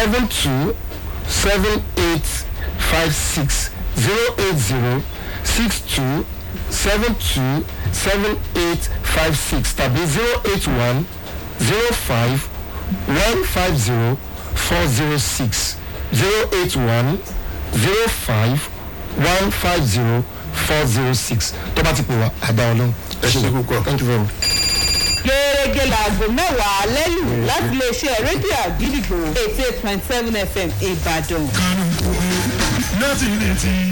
seven two seven eight five six zero eight zero six two seven two seven eight five six tàbí zero eight one zero five one five zero four zero six zero eight one zero five one five zero four zero six tó bá ti pè wá àdá ọlọ́run. ẹ ṣe púpọ̀ thank you very much gẹ́gẹ́ láago mẹ́wàá lẹ́lù láti iléeṣẹ́ rédíò àgídìgbò eighty eight point seven fm ìbàdàn.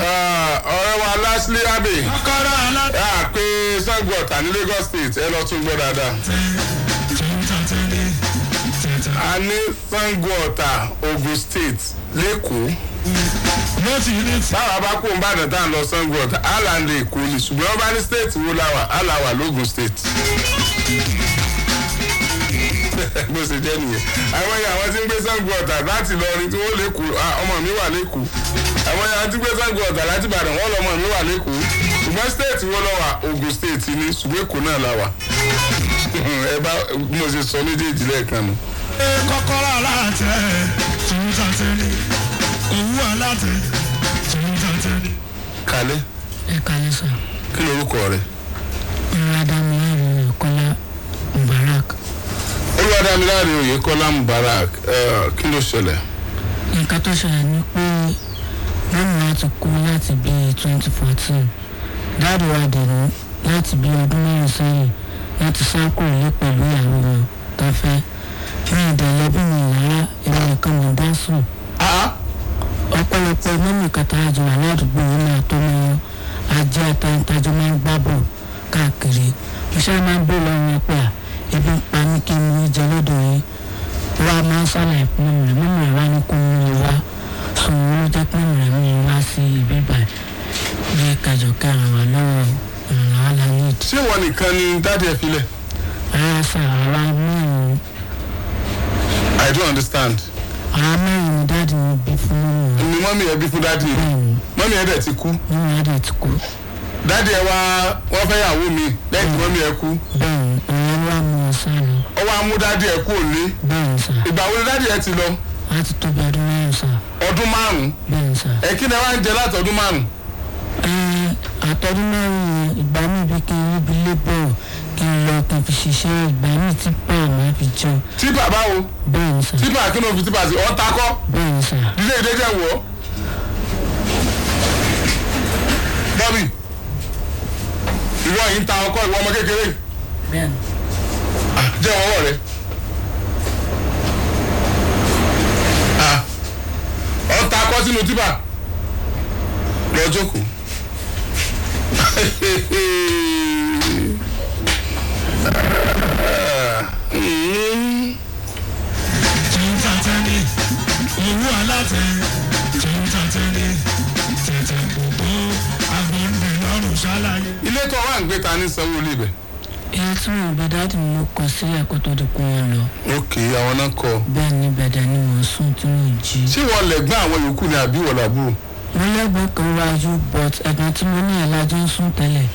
Ah, ọ̀rẹ́ wa lásìlẹ̀ abbey yà ah, pé sango ọ̀tà ní lagos state ẹ lọ tún gbọ́ dáadáa. a ní sango ogun state lẹ́kọ̀ọ́ mọ́tì yìí ní. báwa bá kó ń bàdàn tá à ń lọ sangot alande èkó ni ṣùgbọ́n bá ní state wo làwà aláwà lógun state. bó ṣe jẹ́ nìyẹn àwọn yẹn àwọn tí ń gbé sangot láti lọrin tí wọ́n lè kú ọmọ mi wà lẹ́kọ̀ọ́ àwọn yẹn tí ń gbé sangot láti ìbàdàn wọ́n lọ́mọ mi wà lẹ́kọ̀ọ́ ṣùgbọ́n state wo lọ́wà ogun state ni ṣùgbọ́n èkó náà làwà ẹ bá mo ṣe sọ méjèèjì lẹ́ẹ̀kan nù. kọ́kọ́rọ́ aláǹtẹ̀ tìǹtà tẹ́lẹ̀ owó aláàtẹ ṣòwò tàtẹ. kalẹ́. ẹ kalẹ́ sọ. kí ló orúkọ rẹ. olùwádàmíláre oyèkọ́lá mubarak. olùwádàmíláre oyèkọ́lá mubarak kí ló ṣẹlẹ̀. nǹkan tó ṣẹlẹ̀ ni pé mọ́mí wa ti kú láti bíi twenty fourteen dáàdì wa dèrò láti bíi ọdún mẹ́rin sẹ́yìn wọ́n ti sá kúrò ní pẹ̀lú ìyàwó wọn tó fẹ́ mi ìdẹ̀lẹ́bí mi rárá ìrìn nìkan mi dá sùn. Ah, ọ̀pọ̀lọpọ̀ mọ́mì kata àjọyọ̀ aládùúgbò yìí máa tó máa yan ajé àtàǹtajọ máa ń gbábọ̀ káàkiri mo máa ń bè lọ́rùn ẹ à ebi ń pa mí kí n mú jẹ lọ́dọ̀ yìí wá máa ń ṣàlàyé fún mọ́mì rẹ̀ mọ́mì rẹ̀ wá ní kó mú wá sùn ló jẹ́ pé mọ́mì rẹ̀ mú mi wá sí ibi ìbà bí kájọ ká ràn lọ́wọ́ ìrànlọ́wọ́ la ní ìdí. ṣé wọn nìkan ni dáàdì ẹ filẹ̀. rárá sà rárá mú un. I don't understand àmọ́ ìrìn dáàdì mi bí fún mi. ni mọ́mí ẹ bí fún dáàdì mi mọ́mí ẹ dẹ̀ ti kú. mọ́mí ẹ dẹ̀ ti kú. dáàdì ẹ wá wọ́n fẹ́ mi lẹ́yìn tí mọ́mí ẹ kú. ìyẹn wà mú ọ sá lọ. ọ wá mú dáàdì ẹ kú òní. bẹ́ẹ̀ sá. ìgbà wo ni dáàdì ẹ ti lọ. a ti tóbi ọdún márùn sá. ọdún márùn. bẹ́ẹ̀ sá. ẹ ni ẹ jẹ láti ọdún márùn. ẹ àtọ́dún márùn-ún ìgbà mi bí kí n yí kí n lọ kí n ṣiṣẹ́ ìgbà ní tipa ìmọ̀ fi jẹun. tipa báwo. bẹ́ẹ̀ kí ló fi tipa sí ọ̀tá kọ́. ilé ìdẹ́jẹ̀ wọ̀ ọ́. bọ́bì ìwọ yìí ń ta ọkọ ìwọ ọmọ kékeré. bẹ́ẹ̀ jẹ́ ọwọ́ rẹ. ọ̀tá kọ́ sínú tipa lọ́jọ́ kù owó aláfẹ tẹ̀tẹ̀tẹ̀lé tẹ̀tẹ̀ gbogbo agbọ̀nbẹ̀ lọ́rùn ṣáláyé. ilé tó wà ń gbé ta ní sanwó lè bẹ̀. èyí tí mo gbé dáàdì mo kọ sílẹ̀ kó tó di kó wọn lọ. ok àwọn náà kọ. bẹ́ẹ̀ ni bẹ̀dẹ̀ ni wọ́n sùn tí wọ́n jí. ṣé wọ́n lẹ̀gbọ́n àwọn yòókù ni àbí wọ́n làbúrò. mo lẹ́gbọ́n kan wájú but ẹ̀gbọ́n tí mo ní ẹ̀ lájọ́ ń sùn tẹ́lẹ̀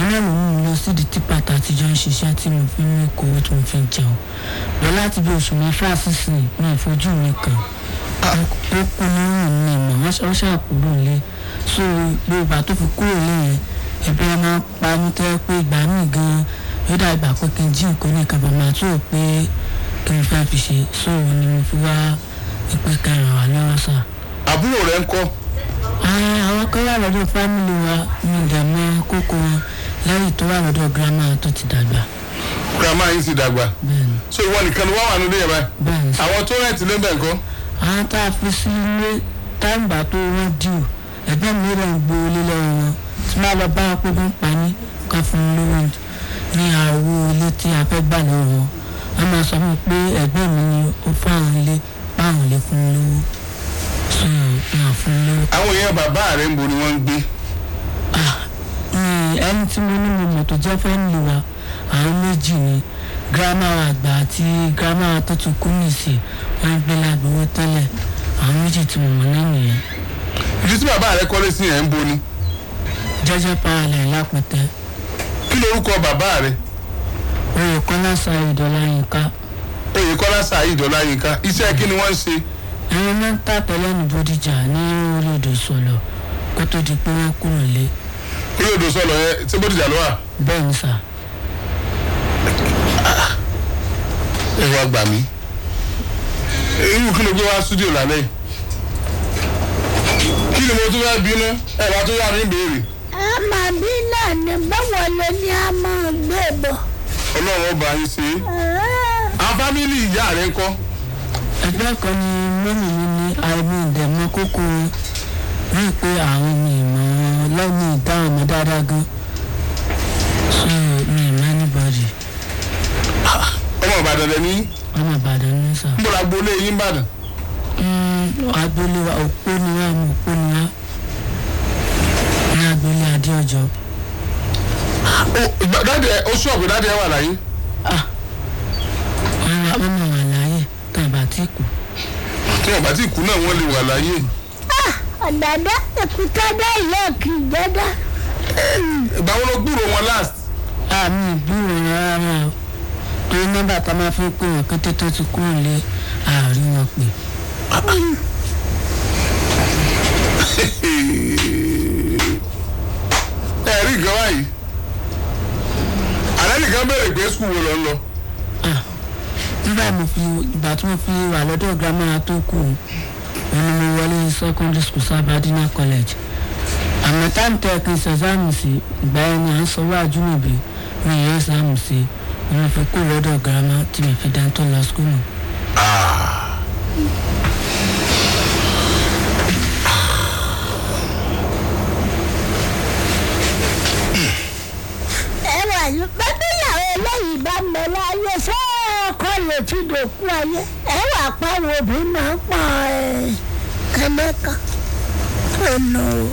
lọ́nà lòun lọ sí di tipa tàtijọ́ ń ṣiṣẹ́ tí mo fi ń rí kówó tí mo fi ń jẹun lọ láti bí oṣù mẹ́fà sísìn mi ìfojú mi kàn ah. ó kú ní òun ní ìmọ̀ wọ́n ṣàkúrò lé so yorùbá tó fi kúrò lẹ́yìn ẹbí ẹ máa pa mí tẹ́ pé ìgbà míì gan-an yóò dá ìgbà pé kí n jí nǹkan ní ìkàbà máa tó o pé kí n fẹ́ fi ṣe so ni mo fi wá ìpè kẹrin wà lọ́wọ́ sà. àbúrò rẹ ń kọ́. àwọn kan wà lọ́dọ̀ fámìlì wa mi ò kókó wọn láyé tó wà lọ́dọ̀ girama tó ti dàgbà. girama yìí ti dàgbà. bẹ́ẹ̀ni. so ìwọ nìkan ni wọn wà nílé yẹn báyìí. bẹ́ẹ̀ni. àwọn tó rẹ̀ ti lé bẹ̀ ńkọ́. àwọn tá a fi sí ilé táǹbà tó wọ́n dì o ẹgbẹ́ mi rẹ̀ ń gbó ilé lọ́wọ́ wọn tí máa lọ bá akókó ń pa ní ká lówó ní àwo ilé tí a fẹ́ gbà lọ́wọ́ wọn wọ́n máa sọ fún pé ẹgbẹ́ mi ni ó fáwọn ilé fáwọn ilé fún un lówó sùn fún lówó. àwọn èèyàn bàbá rẹ̀ ń bo ni wọ́n ń gbé. ah ẹni tí mo ní mo mọ̀ tó jẹ́ fẹ́mi wa àwọn méjì ni grandma àgbà àti gírámà tó tún kú nìsí wọn gbé lágbèwọ́ tẹ́lẹ̀ àwọn méjì tí mo mọ̀ náà nìyẹn. ìdí tí bàbá rẹ kọ́lé sí yẹn ń bo ni. jẹ́jẹ́ paralẹ̀ lápẹtẹ. kí ló orúkọ bàbá rẹ. oyèkọ́lá saheed ọláyínká. oyèkọ́lá saheed ọláyínká iṣẹ́ kí ni wọ́n ń ṣe. ẹ̀yin máa ń tàpẹ́ lẹ́nu ní orí odò kó tó di pé wọ́n kúrò lé orí odò sọlọ yẹ ṣé bódìjà ló wà. bẹ́ẹ̀ ni sà. ẹ wá gbà irú kí ló gbé wá studio lálẹ́ yìí kí ni mo tún fẹ́ bínú ẹ wá tún yá ní ìbéèrè. a máa bí náà ní báwo ló ní a máa gbé bọ̀. ọlọ́run ọba yín ṣe é. Ah. a fámìlì ìyá rẹ ńkọ́. ẹgbẹ́ kan ni mọ́mì mi ní àìmọ̀ ìdẹ̀mọ́ kókó rí i pé àwọn mi mọ̀ ọ́n wàhálà ní ìta dáadáa gan. so mi ì máa ní bọ́ọ̀dì. ọmọ ìbàdàn lẹ ní. ọmọ ìbàdàn ní sà. n bọ̀dọ̀ agboolé yín ìbàdàn. Hmm, agboolé òpó ni wa àmọ́ òpó ni wa ní agboolé adéọjọ́. dáàdì ẹ oṣù ọ̀gbìn dáàdì wà láyé. wọ́n ah, wà láyé tàbá kù. tí wọ́n bá ti kú náà wọ́n lè wà láyé ọ̀dàdà èkúta dá ìyá òkè ìjọba. ìgbà wo ló gbúrò wọn last. àmì ìgbúrò rárá o torí nọ́mbà tá a máa fi pè wọn kété tó ti kúrò lé àárín wọn pè. ẹ̀rí nǹkan báyìí àlẹ́ nìkan béèrè pé skul wo lọ ń lọ. Ah, nígbà tí mo fi wà lọ́dọ̀ girama tó kù ẹnu mi wọlé secondary school sabadina college àmọ́ táàmù tẹ́ ẹ kí n ṣe sáàmù sí ìgbà yẹn ni à ń sọwọ́ àjùmọ̀bí mi yẹ sáàmù sí mi fi kú lọ́dọ̀ girama tí mi fi dáńtọ́ lọ school nù. bàbá ìyàwó eléyìí bá mọ láyé sọ́ọ́ kọ́ lè fi dòkú ayé àpáwọ obìnrin máa ń pa ẹlẹ́ka ọ̀nà o.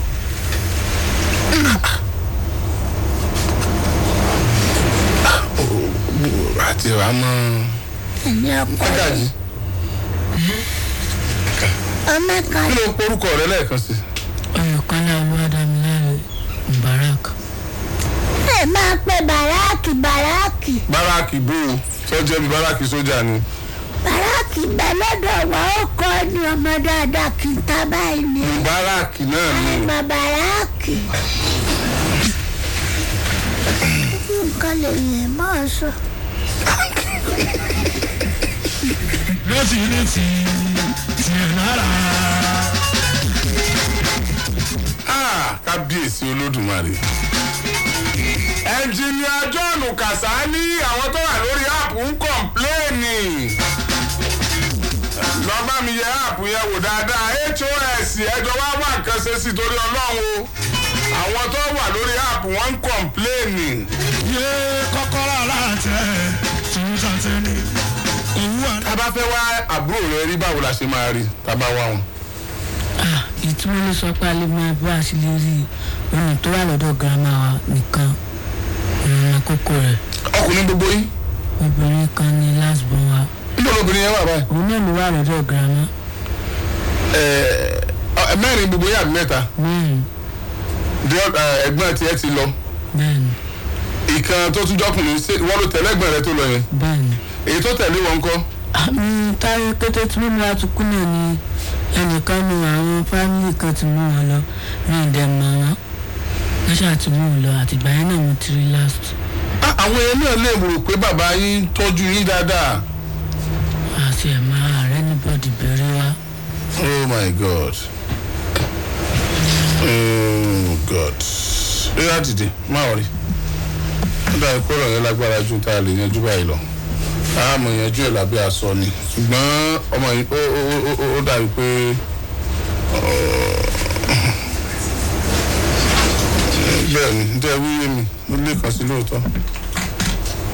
àti wàá mọ. ẹni ọkọ rẹ ọmọkà. kí ló ń porúkọ rẹ lẹ́ẹ̀kan sí. ọ̀yọ̀kọ́lá olúwadámiláre mubarak. ẹ máa pe baraki, baraki. baraki, bó o sọ jẹ́ bí bàráàkì sójà ni báràkì bẹ́lẹ́dọ̀ wá ó kọ́ ni ọmọ dáadáa kì í ta báyìí ni. báràkì náà ni. àìmọ̀ báràkì. nǹkan lè yẹn mọ́ ọ sọ. létí létí tiẹ̀ náírà. Ah, kábíyèsí olódùmarè ẹnjìnìà john kasali àwọn tó wà lórí app ń kọ̀ǹpléènì lọ́ba mi yẹ áàpù yẹn wò dáadáa hos ẹjọ́ wá wà nǹkan ṣe sí torí ọlọ́run o àwọn tó wà lórí áàpù wọn ń kọ̀ǹpléènì. yé kọ́kọ́rọ́ aláǹtẹ̀ tún ṣàǹtẹ̀ ni òwú àná. tá a bá fẹ́ wá àbúrò rẹ rí báwo la ṣe máa rí tá a bá wá wọn. ìtumọ̀ ló sọ pé a lè máa bá a ṣe lè rí ọ̀nà tó wà lọ́dọ̀ girama wa nìkan ìrìn àkókò rẹ̀. ọkùnrin gbogbo yín. obìnrin kan ni last born wa níbo lóbìnrin yẹn wà báyìí. òun náà ló wà lọ́dọ̀ gírámà. ẹ mẹ́rin gbogbo yà mí mẹ́ta. ẹ̀gbọ́n tiẹ̀ ti lọ. ìkan tó tún jọkùnrin wọ́n ló tẹ̀lé ẹ̀gbọ́n rẹ tó lọ yẹn. èyí tó tẹ̀lé wọn kọ́. táyé kété tí mímú atukú náà ni ẹnìkan nu àwọn fámìlì kan ti mú wọn lọ ní ìdẹ̀mọ̀ wọn wọ́n ṣàtúnmọ̀ lọ àtìgbà yẹn náà mo ti rí last. Ah, àwọn yẹn náà lè rò pé bàbá yín tọ́jú yín dáadáa àti ẹ̀ma ààrẹ níbọ̀dì bẹ̀rẹ̀ wá. oh my god oh god ríra dìde má wọrí nígbà ìkóró yẹn lágbára ju tá a lè yanjú báyìí lọ àmọ̀ yanjú ẹ̀ lábẹ́ aṣọ ni ṣùgbọ́n ọmọ yìí ó dàbí pé eh, bẹ́ẹ̀ ni nítorí wíyé mi ó lè kàn sí lóòótọ́.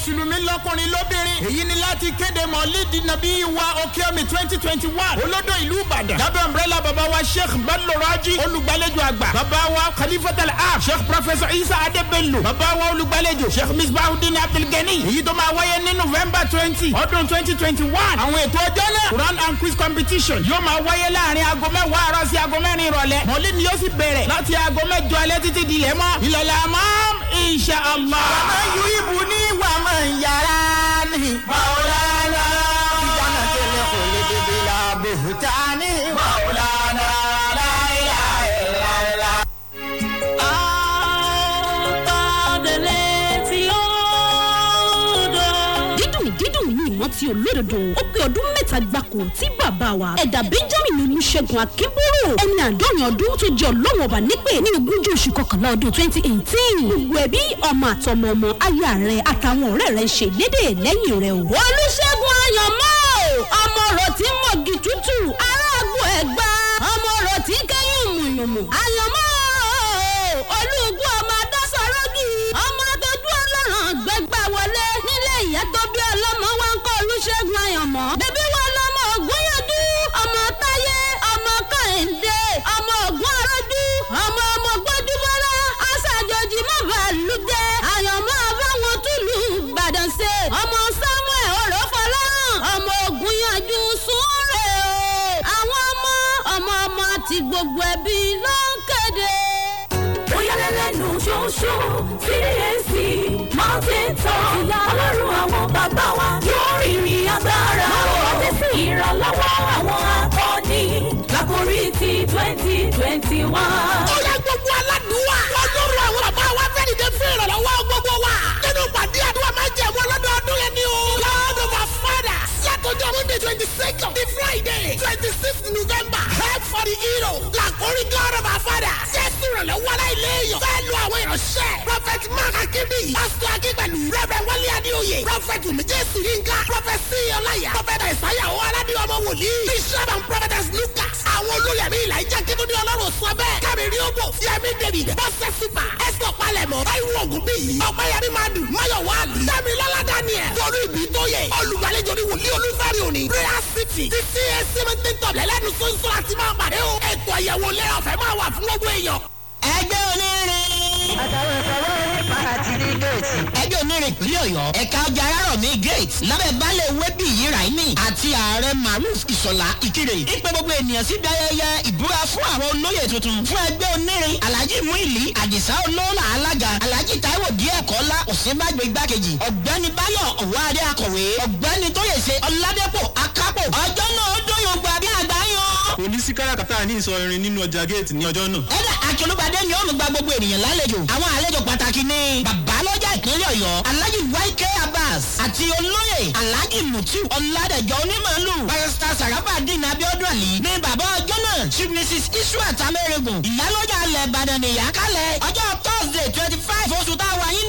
mùsùlùmí lọ́kùnrin lóbìnrin èyí ni láti kéde mọ̀lídì nàbí wa okeomi twenty twenty one olódò ìlú ìbàdàn lábẹ́ umbrella baba wa sheikh balorajì olùgbàlejò àgbà baba wa tal ab sheikh professor isa adebelu baba wa olùgbàlejò sheikh misbahudin abdulgani èyí tó máa wáyé ní november twenty ọdún twenty twenty one àwọn ètò ọjọ́ náà quran and quiz competition yóò máa wáyé láàrin aago mẹ́wàá àárọ̀ sí aago mẹ́rin ìrọ̀lẹ́ mọ̀lídì ni yóò sì bẹ̀rẹ̀ láti aago mẹ́jọ alẹ́ títí di ilẹ̀ mọ́ ìlọ̀lẹ́ àmọ́ insha allah. wàá yú ibù ní ọmọ ìyàrá ni. Màá rà. ìlú òdodo ó pé ọdún mẹ́ta gbáko tí bàbá wa ẹ̀dà benjamin olùṣègùn akínbúrò ẹni àádọ́rin ọdún tó jẹ́ ọlọ́wọ̀n ọba nípè ní ogúnjọ́ oṣù kọkànlá ọdún twenty eighteen gbogbo ẹbí ọmọ àtọmọ ọmọ aya rẹ àtàwọn ọ̀rẹ́ rẹ ń ṣe dédé lẹ́yìn rẹ o. olùṣègùn àyànmọ́ ọmọ ọ̀rọ̀ tí mọ̀gì tútù aráàgbò ẹ̀gbá ọmọ ọ̀rọ̀ tí kẹ́yìn mùyùmù àyànmọ́ gbogbo ẹbí ló ń kéde. Oyalẹ́lẹ́nu ṣoṣo CAC Mountain Top Ọlọ́run àwọn bàbá wa yóò rìnrìn agbára. Àti sí ìrànlọ́wọ́ àwọn akọni lákòrí ti twenty twenty one. Ó yá gbogbo aládùúwà. Wọ́n yóò rọ àwọn bàbá wa fẹ́ dìde fún ìrànlọ́wọ́ gbogbo. 22 of the Friday, 26th November, help for the hero. like Làkórí God of our father. Jésù ìrànlọ́wọ́ aláìléèyàn. Fẹ́ lu àwọn ìránṣẹ́. Prophet Mark Akínbíyì. Pásítọ̀ Akínpẹ̀lú. Rẹ́fẹ̀ Wálé Adéoyè. Prophet Umijésù Yínká. Prophet C. Ọláyà. Prophet Àìsáyà Owó Aládé ọmọ wòlíì. Bishop and Prophetess Lucas. Àwọn olóyèmí ìlà ìjà kíkún ní Ọlọ́run sọ bẹ́ẹ̀. Kẹ́mi rí ògbò. Yẹmi David. Bọ́sẹ̀ Sípà. Ẹ̀sọ̀ Palẹ̀mọ̀. Táíwò Ògúnbíyì. Ọ̀pẹ̀yẹmí Madu. Máyọ̀ Wálé. Sẹ́mi Lọ́lá Daniel. Torí ìbí tó yẹ. Olùgbàlejò ni wòlíì olúfẹ́rẹ́ òní prayer city ti csc mẹ́tẹ́tọ̀ lẹ́lẹ́nu sọ́nsọ́ àti máa pàdé o ètò àyẹ̀wò lẹ́yìn ọ̀fẹ́ máa wà fún gbogbo èèyàn. ẹgbẹ́ onírin àtàwọn ìfọwọ́ onípa àti ní géètì. ẹgbẹ́ onírin ìpínlẹ̀ ọ̀yọ́ ẹ̀ka ọjà arárọ̀mí gate lábẹ́ baálé wébì yìíráìmì àti ààrẹ maruf ìṣọ̀lá ìkirè. ìpè gbogbo ènìyàn síbi ayẹyẹ ìbúra fún àwọn olóyè tuntun fún ẹgbẹ́ onírin alhaji muili àdìsá olóòlà alága alhaji taiwo díẹ̀ kọ́lá òsínbàjò igbákejì ọ̀gbẹ́ni báyọ̀ ọ̀wáadé akọ̀wé ọ̀gbẹ́ni tóyèsé ọládépò akápò ọjọ́ náà ó d sí káràkátà ní ìsọ irin nínú ọjà géètì ní ọjọ́ náà. ọ̀dà akínlúgbàdé ni ó mú gba gbogbo ènìyàn lálejò àwọn àlejò pàtàkì ni babalọ́jà ìpínlẹ̀ ọ̀yọ́ alhaji yk abbas àti olóyè alhaji mutiu ọ̀làdẹ̀jọ́ onímọ̀lù barista sarafadin abiodun ali ní bàbá ọjọ́ náà chief mrs isuat amẹ́rẹ́gùn ìyálọ́jà alẹ́ ìbàdàn nìyá kálẹ̀ ọjọ́ thursday twenty five oṣù táwa yín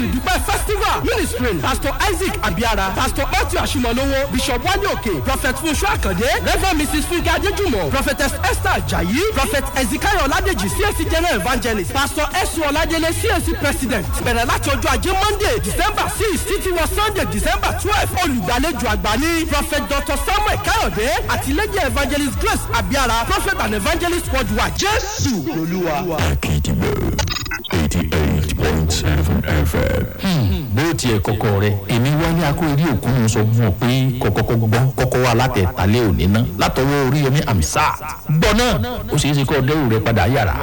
àti ìdúpẹ́ festival ministry pastor isaac abiara pastor matthew ashimolowo bishop Wanyoke prophet funṣu akande reverend mrs funke adejumo prophetess esther ajayi prophet ezekiel oladeji csc general evangelist pastor esun oladele csc president bẹ̀rẹ̀ láti ọjọ́ ajé monday december six títí wọ sunday december twelve olùgbàlejò àgbà ní prophet dr samuel kayode àtìlẹ́yìn evangelist grace abiara prophet and evangelist worldwide jésù lolúwa. 88 point 7 FM. bó tiẹ̀ kọ̀kọ̀ rẹ̀ èmi wálé akóyèrè òkun mo sọ fún ọ pé kọ̀kọ̀kọ̀ gbọ́ kọ́kọ́ wa látẹ̀tàlẹ́ òní ná látọwọ́ Oríyọmí Hamzat gbọ́ náà ó ṣeé ṣe kọ́ ọ dẹ́rù rẹ padà yàrá.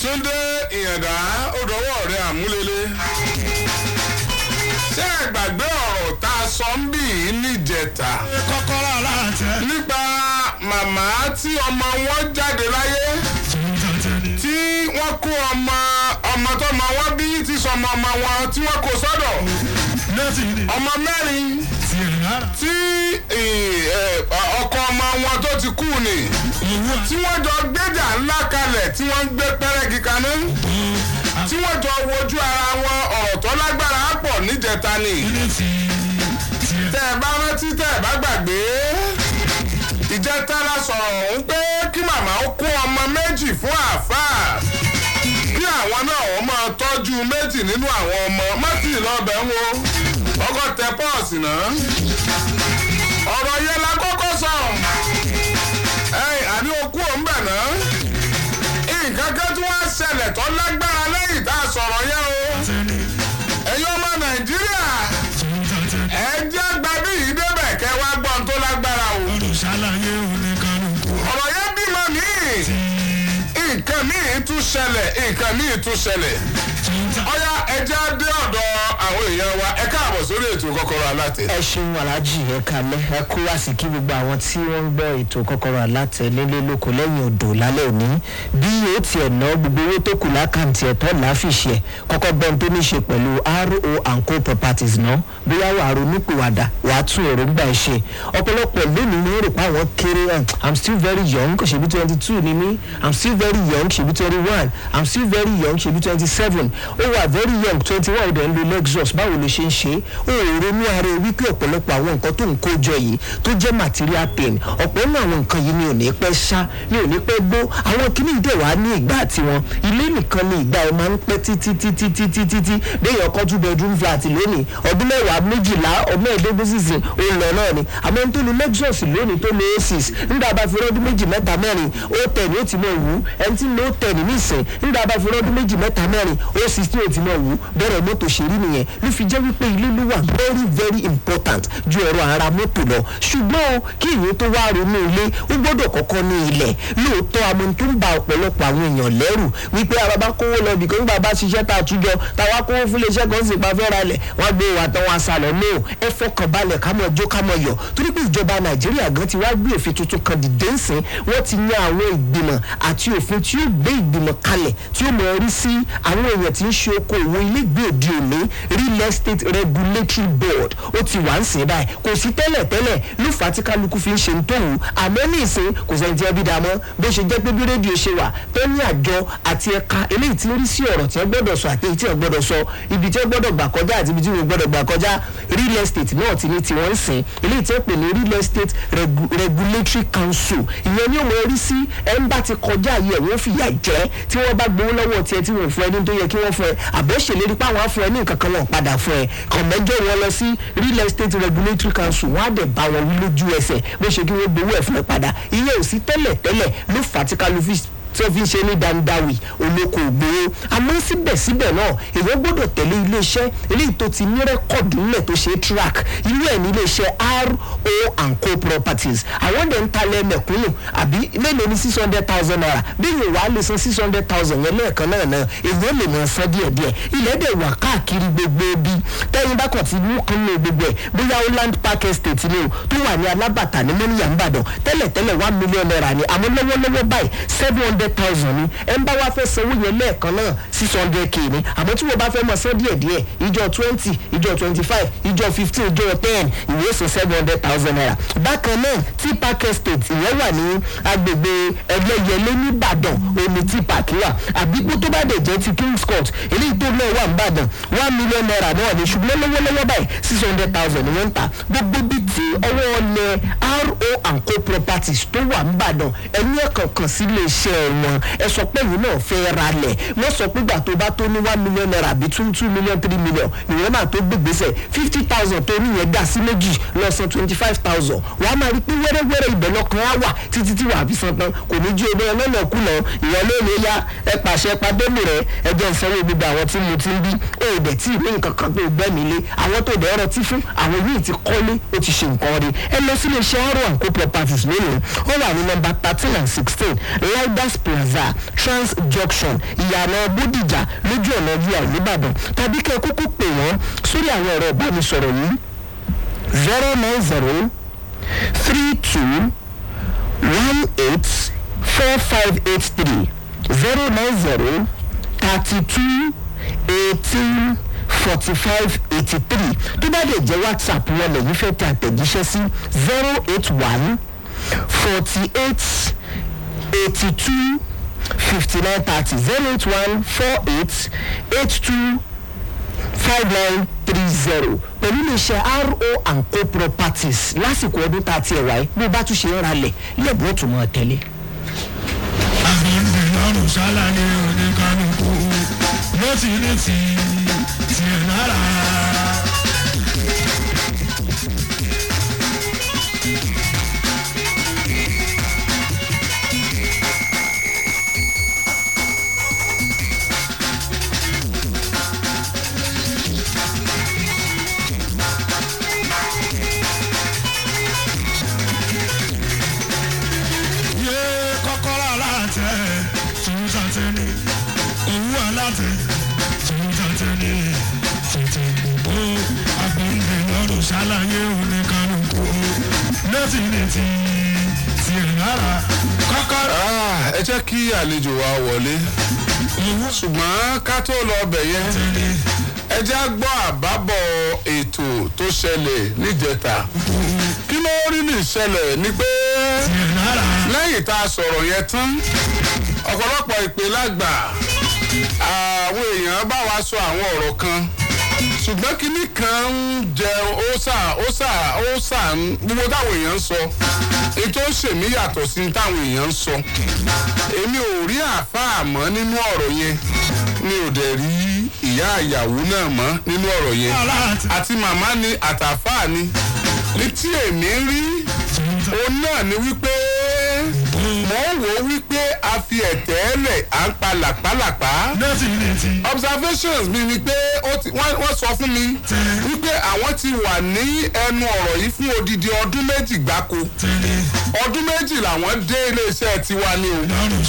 Túndé ìyàndá ó dọwọ́ rẹ àmúlélé ṣé àgbàgbé ọ̀rọ̀ tá a sọ ń bì í níjẹta màmá tí ọmọ wọn jáde láyé tí wọ́n kó ọmọ ọmọ tọmọ wọn bí ti sọmọ ọmọ wọn tí wọ́n kó sọ́dọ̀ ọmọ mẹ́rin tí ọkọ ọmọ wọn tó ti kú ni tí wọ́n jọ gbéjà ńlá kalẹ̀ tí wọ́n ń gbé pẹ́rẹ́gì kaná tí wọ́n jọ wojú ara wọn ọ̀rọ̀ tó lágbára pọ̀ níjẹta ni tẹ́ ẹ bá rántí tẹ́ ẹ bá gbàgbé. ìjẹta la sọ̀rọ̀ pé kí màmá ó kó ọmọ méjì fún àáfàá bí àwọn náà wọ́n máa tọ́jú méjì nínú àwọn ọmọ mọ́tì lọ́bẹ̀ ń wo tẹ náà ọrọ la kọkọ sọ àní okú náà nǹkan kan tí tó lágbára o ẹ̀yin ọmọ Nàìjíríà ẹ̀ jẹ́ yìí tó o. ṣẹlẹ̀ nǹkan míì tún ṣẹlẹ̀ ọ̀yá ẹja dé ọ̀dọ̀ àwọn èèyàn wa ẹ káàbọ̀ sórí ètò kọ́kọ́rọ́ alátẹ. ẹ ṣeun aláàjì ẹ kalẹ ẹ kú àsìkí gbogbo àwọn tí wọn ń gbọ ètò kọ́kọ́rọ́ alátẹ lélẹ lóko lẹ́yìn odò lálẹ́ òní bí yóò tiẹ̀ ná gbogbo owó tó kù lákàntì ẹ̀tọ́ láfìṣẹ kọ́kọ́ gbọ́n tó ní ṣe pẹ̀lú ro and co properties ná bóyá wàá ronúpìwàdà wàá tún èròǹgbà ẹ ṣe ọ̀pọ̀lọpọ̀ lónìí ni ó rò pé àwọn kéré i'm still very young ṣèbí twenty two ni mí i'm still very young ṣèbí twenty one time i'm still very young ṣe bí twenty seven ó wà very young twenty one ọdẹ ń lo lexus báwo ló ṣe ń ṣe ó ronú ara ẹ wípé ọ̀pọ̀lọpọ̀ àwọn nǹkan tó ń kó jọ yìí tó jẹ́ material pain ọ̀pọ̀ nínú àwọn nǹkan yìí ni ò ní pẹ́ ṣá ni ò ní pẹ́ gbó àwọn kìíní dẹ̀ wá ní ìgbà tiwọn ilé nìkan ni ìgbà ẹ máa ń pẹ́ títí títí títí títí déyàn kan two bedroom flat lónìí ọdún mẹ́wàá méjìlá ọmọọ̀dógún sísìn òun lọ náà ni àmọ́ tó ní lexus lónìí tó ní aces nígbà bá fi rọ́ọ̀dún méjì mẹ́ta mẹ́rin ó tẹ̀ ní ó ti mọ̀ wú ẹni tí sìn nígbà bá fi rọ́dún méjì mẹ́ta mẹ́rin ó sì tí ò ti mọ̀ wù bẹ̀rẹ̀ mọ́tò ṣèrí nìyẹn ló fi jẹ́ wípé ilé ló wà very very important ju ẹ̀rọ ara mọ́tò lọ ṣùgbọ́n kí ìwé tó wá ronú ilé ó gbọ́dọ̀ kọ́kọ́ ní ilẹ̀ lóòótọ́ amúni tó ń ba ọ̀pọ̀lọpọ̀ àwọn èèyàn lẹ́rù wípé araba kówó lọ bìkan nígbà bá ṣiṣẹ́ tá a tújọ táwa kówó fún iléeṣẹ́ kan sì pa fẹ́ra lẹ̀ wọ́n gbé wa tán wọn sálọ ní o ẹ fọkàn balẹ̀ ká mọ̀ jó ká mọ̀ yọ̀ torí pé ìjọba nàìjíríà gan ti wá gbé òfin tuntun kan dìde ń wọ́n ti yan àwọn ìgbìmọ̀ àti òfin tí yóò gbé ìgbìmọ̀ kalẹ̀ tí ó mọ̀ rí sí àwọn èèyàn tí ń ṣe okòwò ilégbè òde òní real estate regulatory board ó ti wà ń sìn báyìí kò sí tẹ́lẹ̀ tẹ́lẹ̀ ló fà á tí kálukú fi ń ṣe tóun àmọ́ ní ìsìn kò sẹ́ni tí ẹ bí da mọ́ bó ṣe jẹ́ pé bí rédíò ṣe wà tó ní àjọ àti ẹ̀ka eléyìí tí ń rí sí ọ̀rọ̀ tí wọ́n gbọ́dọ̀ sọ àti èyí tí wọ́n gbọ́dọ̀ sọ ibi tí wọ́n gbọ́dọ̀ gbà kọjá àti ibi tí wọ́n gbọ́dọ̀ gbà kọjá real estate náà ti ní tiwọn ń sìn regulatory council ìyẹn ni ó mọ orí sí ẹ̀ tí wọ́n bá gbowó lọ́wọ́ tiẹ̀ tí wọ́n fún ẹ ní tó yẹ kí wọ́n fún ẹ àbọ̀ ṣèlérí pé àwọn á fún ẹ ní nǹkan kan lọ́n padà fún ẹ kàn wọn lọ sí real estate regulatory council wọ́n á dẹ̀ bá wọn wí lójú ẹsẹ̀ bó ṣe kí wọ́n gbowó ẹ̀ fún ẹ padà iye òsì tẹ́lẹ̀ tẹ́lẹ̀ ló fà á tí kálífì tí wọ́n fi ń ṣe ní dandawi olóko ògbówó àmọ́ síbẹ̀síbẹ̀ náà èèyàn gbọ́dọ̀ tẹ̀lé iléeṣẹ́ eléyìí tó ti ní rẹ́kọ̀dù ńlẹ̀ tó ṣe track irú ẹ̀ ní iléeṣẹ́ ro and co properties àwọn dẹ̀ ń talẹ̀ mẹ̀kúnnù àbí lélẹ̀ ní six hundred thousand naira bí yóò wá lè san six hundred thousand yẹn lẹ́ẹ̀kan náà náà èèyàn lè mọ̀ san díẹ̀díẹ̀ ilẹ̀ dẹ̀ wà káàkiri gbogbo bí tẹ́yìn bá kàn ti mú kan ní gbogbo ẹ̀ bóyá Holland Park Estate ni o tó wà ní alábàtà ní mọ́níyà ń bàdàn tẹ́lẹ̀tẹ́lẹ̀ one million naira ni àmọ́ lọ́wọ́lọ́wọ́ báyìí seven hundred hundred thousand ni ẹ ń bá wá fẹ́ sanwó yẹn lẹ́ẹ̀kan náà six hundred k ni àmọ́ tí wọ́n bá fẹ́ mọ̀ san díẹ̀ díẹ̀ ìjọ twenty ìjọ twenty five ìjọ fifteen ìjọ ten ìwé sùn seven hundred thousand naira. bákan náà tí park estate ìyẹn wà ní agbègbè ẹlẹ́yẹlé nìbàdàn omi tí park wà àbíkú tó bá dẹ̀ jẹ́ ti kings court eléyìí tó náà wà nìbàdàn one million naira náà ni ṣùgbọ́n lọ́wọ́lọ́wọ́ báyìí six hundred thousand ni wọ́n ń ta gbogbo bí tí ọwọ́ ọlẹ̀ ro and co properties tó wà nìbàdàn ẹni ẹ̀kọ̀ọ̀kan sí ilé iṣẹ́ rẹ̀ wọn ẹ sọ pé ìwé náà fẹ́ ra lẹ̀ wọ́n sọ pé gbà tó bá tó ní one million naira àbí two two million three million ìwé náà tó gbégbèsè fifty thousand tó ní yẹn dà sí méjì lọ san twenty five thousand wàá máa rí pé wẹ́rẹ́wẹ́rẹ́ ibẹ̀ lọ́kàn á wà títí tí wàá fi san tán kò ní ju ebe ọlọ́nà kù lọ ìyẹn ló lè ya ẹ pàṣẹ padẹ́mì rẹ ẹjọ́ ìsanwó gbogbo àwọn tí mo ti ń bí ó dẹ̀ tí ì ní nǹkan kan tó gbẹ́mí lé àwọn tó dẹ̀ ọ̀rọ̀ tí fún àwọn yìí ti kọ́lé ó ti ṣe nǹkan rí ẹ lọ sílé iṣẹ́ arrow and properties lónìí ó wà ní nọ́mbà thirteen and sixteen Lighters plaza trans junction ìyànà bódìjà lójú ọ̀nà via nìbàdàn tàbí kẹ́ ẹ kúkú pè wọ́n sórí àwọn ẹ̀rọ ìbánisọ̀rọ̀ yìí zero nine zero three two one eight four five eight three zero nine zero thirty two eighteen forty five eighty three tó bá lè jẹ́ whatsapp wọn lè yí fẹ́ tẹ àtẹ̀jíṣẹ́ sí zero eight one forty eight. 82 59 30 081 48 82 5930 pẹ̀lú iléeṣẹ́ ro and co properties lásìkò ọdún tá a ti ẹ̀wá yìí bí o bá tún ṣe ń ralẹ̀ lẹ́bùn ọ̀tún mọ́ ọ tẹ́lẹ̀. àmì ń bẹ̀ lọ́rùn sálà ní oníkanukú ló ti ká tó lọ ọbẹ̀ yẹn ẹ já gbọ́ àbábọ̀ ètò tó ṣẹlẹ̀ níjẹta kí ló rí lè ṣẹlẹ̀ ni pé lẹ́yìn tá a sọ̀rọ̀ yẹn tán ọ̀pọ̀lọpọ̀ àwọn èèyàn bá wa sọ àwọn ọ̀rọ̀ kan ṣùgbọ́n kínní kan ń jẹ ósà ósà ósà gbogbo táwọn èèyàn ń sọ ètò òṣèmí yàtọ̀ sí táwọn èèyàn ń sọ èmi ò rí àfáà mọ́ nínú ọ̀rọ̀ yẹn mi ò dẹ̀ rí ìyá àyàwó náà mọ́ nínú ọ̀rọ̀ yẹn àti màmá ni àtàfáà ni ní tí èmi rí òun náà ni wípé wọ́n wò ó wípé a fi ẹ̀tẹ́ lẹ̀ à ń pa làpálàpá. nẹ́ẹ̀sì ni ti. observations mi ni pé wọ́n sọ fún mi wípé àwọn ti wà ní ẹnu ọ̀rọ̀ yìí fún odidi ọdún méjì gbáko. ọdún méjì làwọn dé iléeṣẹ́ tiwa ni o.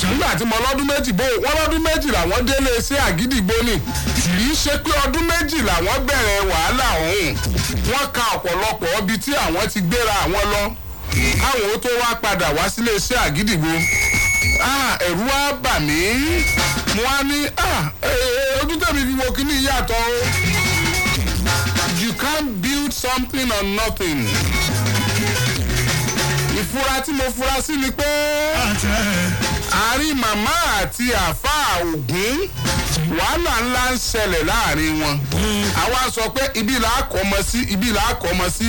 nígbà tí mo lọ́dún méjì bó wọ́n lọ́dún méjì làwọn dé iléeṣẹ́ àgídìgbò ni. kì í ṣe pé ọdún méjì làwọn bẹ̀rẹ̀ wàhálà ọ̀hún. wọ́n ka ọ̀pọ̀lọpọ̀ ibi tí àwọn ti gbéra àwọn lọ. káwọn ó tó wá padà wá sílé iṣẹ́ àgídìgbò ah, ẹ̀rù wá bà mí mo wá ní ah, eh, ojú tèmi fi wo kíní yàtọ̀ o you can't build something on nothing. ìfura tí mo fura sí ni pé àárín màmá àti àáfàá ògún wàhálà ńlá ń ṣẹlẹ̀ láàrin wọn àwa sọ pé ibi là á kọ́ ọmọ sí ibi là ọmọ sí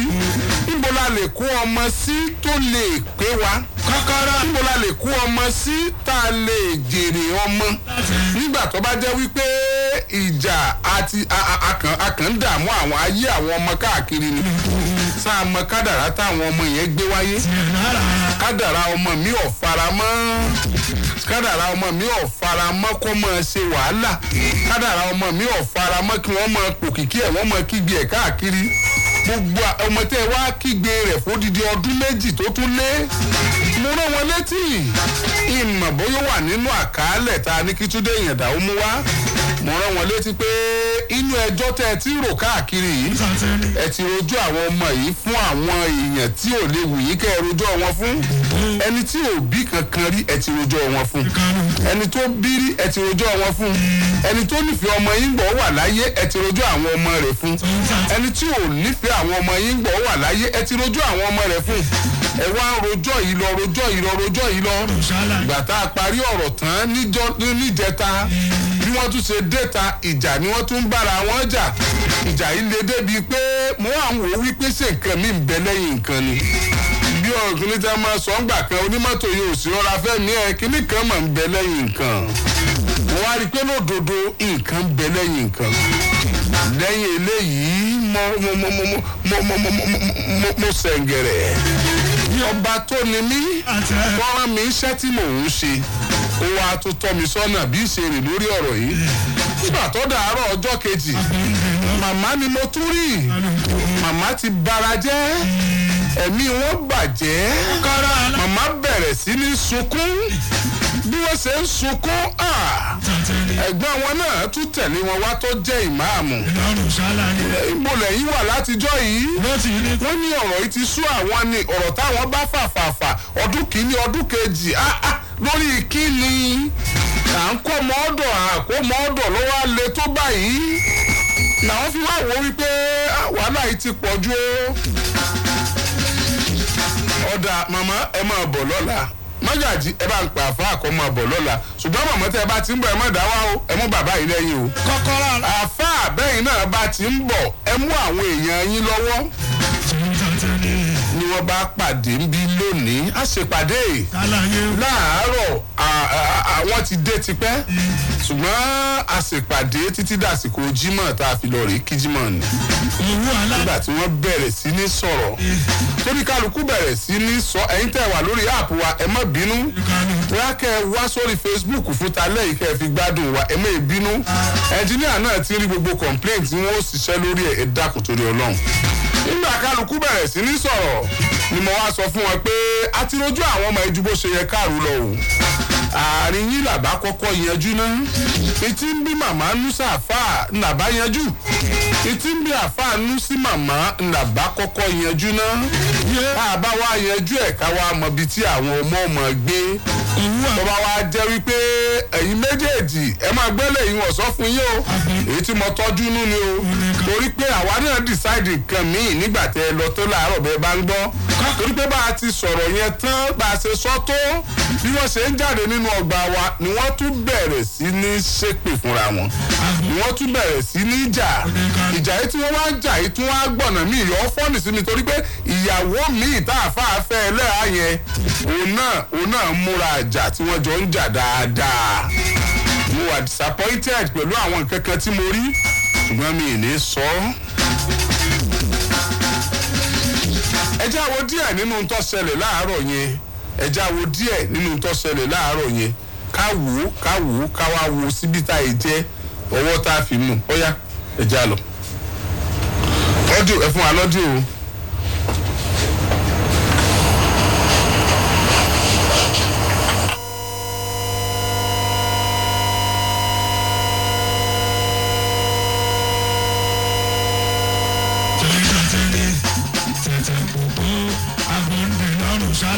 níbo la lè kó ọmọ sí tó lè pé wa kọ́kọ́rọ́ níbo la lè kó ọmọ sí tá a lè jèrè ọmọ nígbà tó bá jẹ́ wípé ìjà àti akàn dààmú àwọn ayé àwọn ọmọ káàkiri ni sá mọ kádàrá táwọn ọmọ yẹn gbé wáyé kádàrá ọmọ mi ò fara mọ́ kádàrá ọmọ mi ò fara mọ́ kó máa ṣe wàhálà kádàrá ọmọ mi ò fara mọ́ kí wọ́n máa pòkìkí ẹ̀ wọ́n máa kígbe ẹ̀ káàkiri gbogbo ọmọ tẹ wá kígbe rẹ̀ fódìdí ọdún méjì tó tún lé mo rán wọn létí ìmọ̀ bóyá wà nínú àkàálẹ̀ tá ní kí túndé yẹn dàó mú wá mo rán wọn létí pé inú ẹjọ́ tẹ́ ẹ ti rò káàkiri yìí ẹ ti rojú àwọn ọmọ yìí fún àwọn èèyàn tí ò lè wù yìí kẹ́ ẹ rojọ́ wọn fún ẹni tí ò bí kankan rí ẹ ti rojọ́ wọn fún ẹni tó bí rí ẹ ti rojọ́ wọn fún ẹni tó nífẹ̀ẹ́ ọmọ yín gbọ́ wà láyé ẹ ti rojọ́ àwọn ọmọ rẹ̀ fún ẹni tí ò nífẹ̀ẹ́ àwọn ọmọ yín gbọ́ wà láyé ẹ ti rojọ́ àwọn ọmọ rẹ̀ fún ẹ wá rojọ́ yìí lọ rojọ́ yìí lọ rojọ́ yìí lọ ìgbà tá a parí ọ̀rọ̀ tán níjẹta bí wọ́n tún ṣe dé ìjẹta ìjà ni wọ́n tún bára wọn jà ìjà yìí le débi pé mo àwọn ò wí pé nǹkan mi bẹ lẹ́yìn nǹkan ni bí ọ̀rọ̀ kìíní máa sọ ń gbà kan onímọ́tò yóò sì rọra fẹ́ mi ẹ̀ kìíní kan mà ń bẹ lẹ́yìn nǹkan mo wá rí i pé lódodo nǹkan bẹ lẹ́yìn nǹkan lẹ́yìn eléyìí mo mo mo mo mo mo mo mo mo sẹ̀ǹgẹ̀rẹ̀ bí ọba tó ni mí fọ́nrán mi iṣẹ́ tí mò ń ṣe ó wá tó tọ́ mi sọ́nà bí ìṣeré lórí ọ̀rọ̀ yìí nígbà tó dàárọ̀ ọjọ́ kejì màmá ni mo tún rí màmá ti bara jẹ́ ẹ̀mí wọn bàjẹ́ màmá bẹ̀rẹ̀ sí ní sunkún bí wọ́n ṣe ń sunkún ẹ̀gbọ́n wọn náà tún tẹ̀lé wọn wá tó jẹ́ ìmáàmù ìbò lẹ́yìn wà látijọ́ yìí wọ́n ní ọ̀rọ̀ yìí ti sú àwọn ni ọ̀rọ̀ táwọn bá fàfàfà ọdún kìíní ọdún kejì lórí kíni à ń kó mọ́ ọ̀dọ̀ àkó mọ́ ọ̀dọ̀ ló wá le tó báyìí làwọn fi wá wò wípé wàhálà yìí ti pọ̀ ọ̀dà màmá ẹ máa bọ̀ lọ́la mọ́jàjì ẹ bá ń pa àfa àkọ́ máa bọ̀ lọ́la ṣùgbọ́n màmá tẹ́ ẹ bá ti ń bọ̀ ẹ má dá wá o ẹ mú bàbá yìí lẹ́yìn o. kọ́kọ́rọ́ àfa àbẹ́yìn náà bá ti ń bọ̀ ẹ mú àwọn èèyàn yín lọ́wọ́ wọ́n bá pàdé ń bí lónìí á ṣe pàdé láàárọ̀ àwọn ti dé tipẹ́ mm. ṣùgbọ́n a ṣèpàdé títí dàsìkò jímọ̀ tá a fi lọ rèé kí ni nígbà tí wọ́n bẹ̀rẹ̀ sí ní sọ̀rọ̀ mm. torí kálukú bẹ̀rẹ̀ sí ní sọ ẹ̀yin tẹ̀ wà lórí áàpù wa ẹ má bínú bóyá wá sórí facebook fún talẹ́ yìí kẹ́ fi gbádùn wa ẹ má bínú ah. ẹnjíníà náà ti rí gbogbo complaint tí wọ́n ó ṣiṣẹ́ lórí ẹ̀ ẹ dákun torí ọlọ́run. nígbà kálukú bẹ̀rẹ̀ sí ní sọ̀rọ̀ ni mo wá sọ fún wọn pé a ti rojú àwọn ọmọ ẹjú bó ṣe yẹ káàrú lọ o ààrin yín làbá kọ́kọ́ yanjú náà etí ń bí màmá nú àfáà làbá yanjú etí ń bí àfáà nú sí màmá làbá kọ́kọ́ yanjú náà yanjú ọmọ ọmọ gbé wa jẹ́ wípé. ẹ̀yin méjèèjì ẹ máa gbẹ́lẹ̀ yín ọ̀sọ́ fún yín o èyí tí mo tọ́jú nú ni o torí pé àwa náà decide nǹkan míì nígbà tẹ ẹ lọ tó láàárọ̀ bẹ́ẹ̀ bá ń gbọ́ torí pé bá a ti sọ̀rọ̀ yẹn tán bá a ṣe sọ tó bí wọ́n ṣe ń jáde nínú ọgbà wa ni wọ́n tún bẹ̀rẹ̀ sí ní ṣépè fúnra wọn ni wọ́n tún bẹ̀rẹ̀ sí ní jà ìjà yìí tí wọ́n wá ń jà yìí tún wá gbọ̀nà míì yọ fọ́ọ̀nì sí mi torí pé ìyàwó míì tá a fà yẹn òun náà òun náà múra àjà tí wọ́n jọ ń jà dáadáa mo wà disappointed pẹ̀lú àwọn nǹkan kan tí mo rí ṣùgbọ́n mi ì ní sọ ọ́. ẹ jáwo díẹ̀ nínú tó ṣẹlẹ̀ láàárọ̀ yẹn ẹ jáwo díẹ̀ nínú tó ṣẹlẹ̀ láàárọ̀ yẹn ká wò ó ká wò ó ká wá wo síbi tá ì jẹ́ ọwọ́ tá a fi mú ọ́yá ẹ já lọ. ọdún ẹ fún wa lọ́dún o.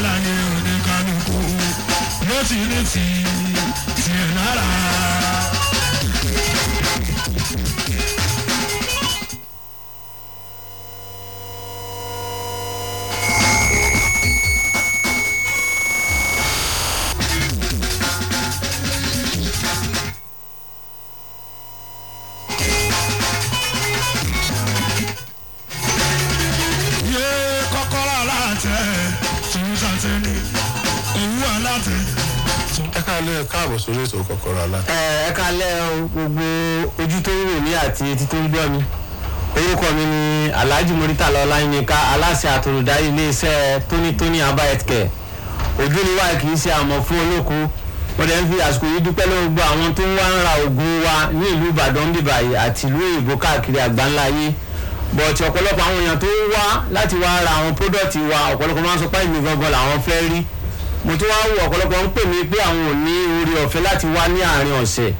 wàhálà ni oníkanukú ló ti tiẹ̀ lára. wálé ẹ káàbọ̀ sórí ètò kọkọrọ alá. ẹ ẹ kalẹ gbogbo ojú tó ń wò mí àti etí tó ń gbọ́ mi orúkọ mi ni alhaji muritala ọláyínká aláṣẹ àtòlùdarí iléeṣẹ́ tónítóní abba healthcare ojú ni wáyé kì í ṣe àmọ̀ fún olóko wọ́n dẹ̀ ń fi àsìkò yìí dúpẹ́ lọ́wọ́ gbọ́ àwọn tó ń wá ń ra oògùn wa ní ìlú ìbàdàn bíbáyìí àti ìlú èyìnbó káàkiri àgbáńlá yìí bọ̀tì ọ̀pọ̀lọpọ̀ àwọn èèyàn tó wá láti wá ra àwọn pródọ̀tì wa ọ̀pọ̀lọpọ̀ máa ń sọ pé ìlú gangan làwọn fẹ́ rí mo tún wáá wò ọ̀pọ̀lọpọ̀ ń pè mí pé àwọn ò ní oore ọ̀fẹ́ láti wá ní àárín ọ̀sẹ̀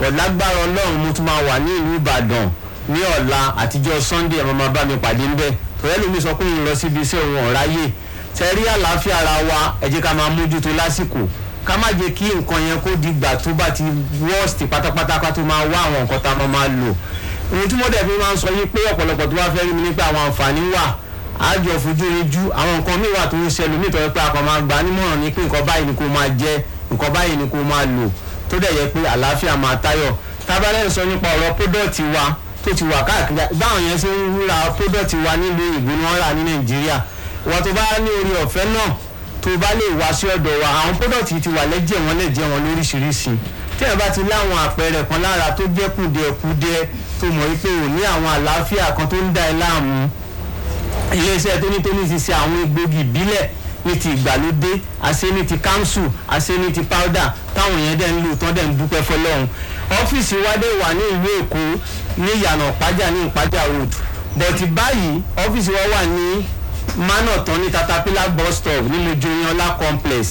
pọ̀ lágbára ọlọ́run mo tún máa wà ní ìlú ìbàdàn ní ọ̀la àtijọ́ sunday ẹ̀mọ́ máa bá mi pàdé ń bẹ̀ tọ́lẹ́ lómi sọ pé òun lọ síbi iṣẹ́ òun ọ̀ráyè tẹ́rí àlàáfíà ara wa ẹ jẹ́ ká máa mójútó lásìkò ká má jẹ́ kí nǹkan yẹn kó di gbà tó bá ti wọ́ọ̀sì pátápátá ká tó máa wá àwọn nǹkan tá a máa lò ohun tí mo dẹ̀ fi máa ń sọ yí pé ọ̀pọ̀lọpọ̀ tó bá fẹ́ rí mi nípa àwọn àǹfààní wà àjọ fojúrinjú àwọn nǹkan míì wà tó ń ṣẹlú nítorí pé akọ máa gbà nímọ̀ràn ní pé nǹkan báyìí ni kò máa jẹ nǹkan báyìí ni kò máa lò tó dẹ̀ yẹ pé àlàáfíà máa tayọ̀ tábàlẹ̀ sọ nípa ọ̀rọ̀ pódọ̀tì wa tó ti wà káàkiri báwọn yẹn ṣe ń ra pódọ̀tì wa nílùú ìgbóná rà ní nàìjíríà wọ́n tó bá ní orí ọ̀fẹ́ náà tó bá lè wá sí ọ̀dọ̀ wa àwọn pódọ̀tì ti wà lẹ́jẹ̀ wọn lẹ́jẹ̀ wọn lóríṣiríṣi tí ẹ bá ti láwọn àpẹẹrẹ kan lára tó jẹ́ kùdẹ̀kùdẹ tó mọ̀ wípé ò ní àwọn àlàáfíà kan tó ń dá ẹ láàmú iléeṣẹ́ tónítóní ti ṣe àwọn egbògi ìbílẹ̀ ní ti ìgbàlódé àṣẹ ní ti kánsù àṣẹ ní ti pàwọ́dà táwọn èèyàn dẹ̀ ń lò tán dẹ̀ ń dúpẹ́ fọlọ́run ọ́fíìsì wádé wà ní ìlú èkó ní ìyànà ìpájà ní ìpájà road bọ̀tì báyìí ọ́fíìsì wa wà ní manọ̀tán ní tatapila bus stop nílùú joyinọlá complex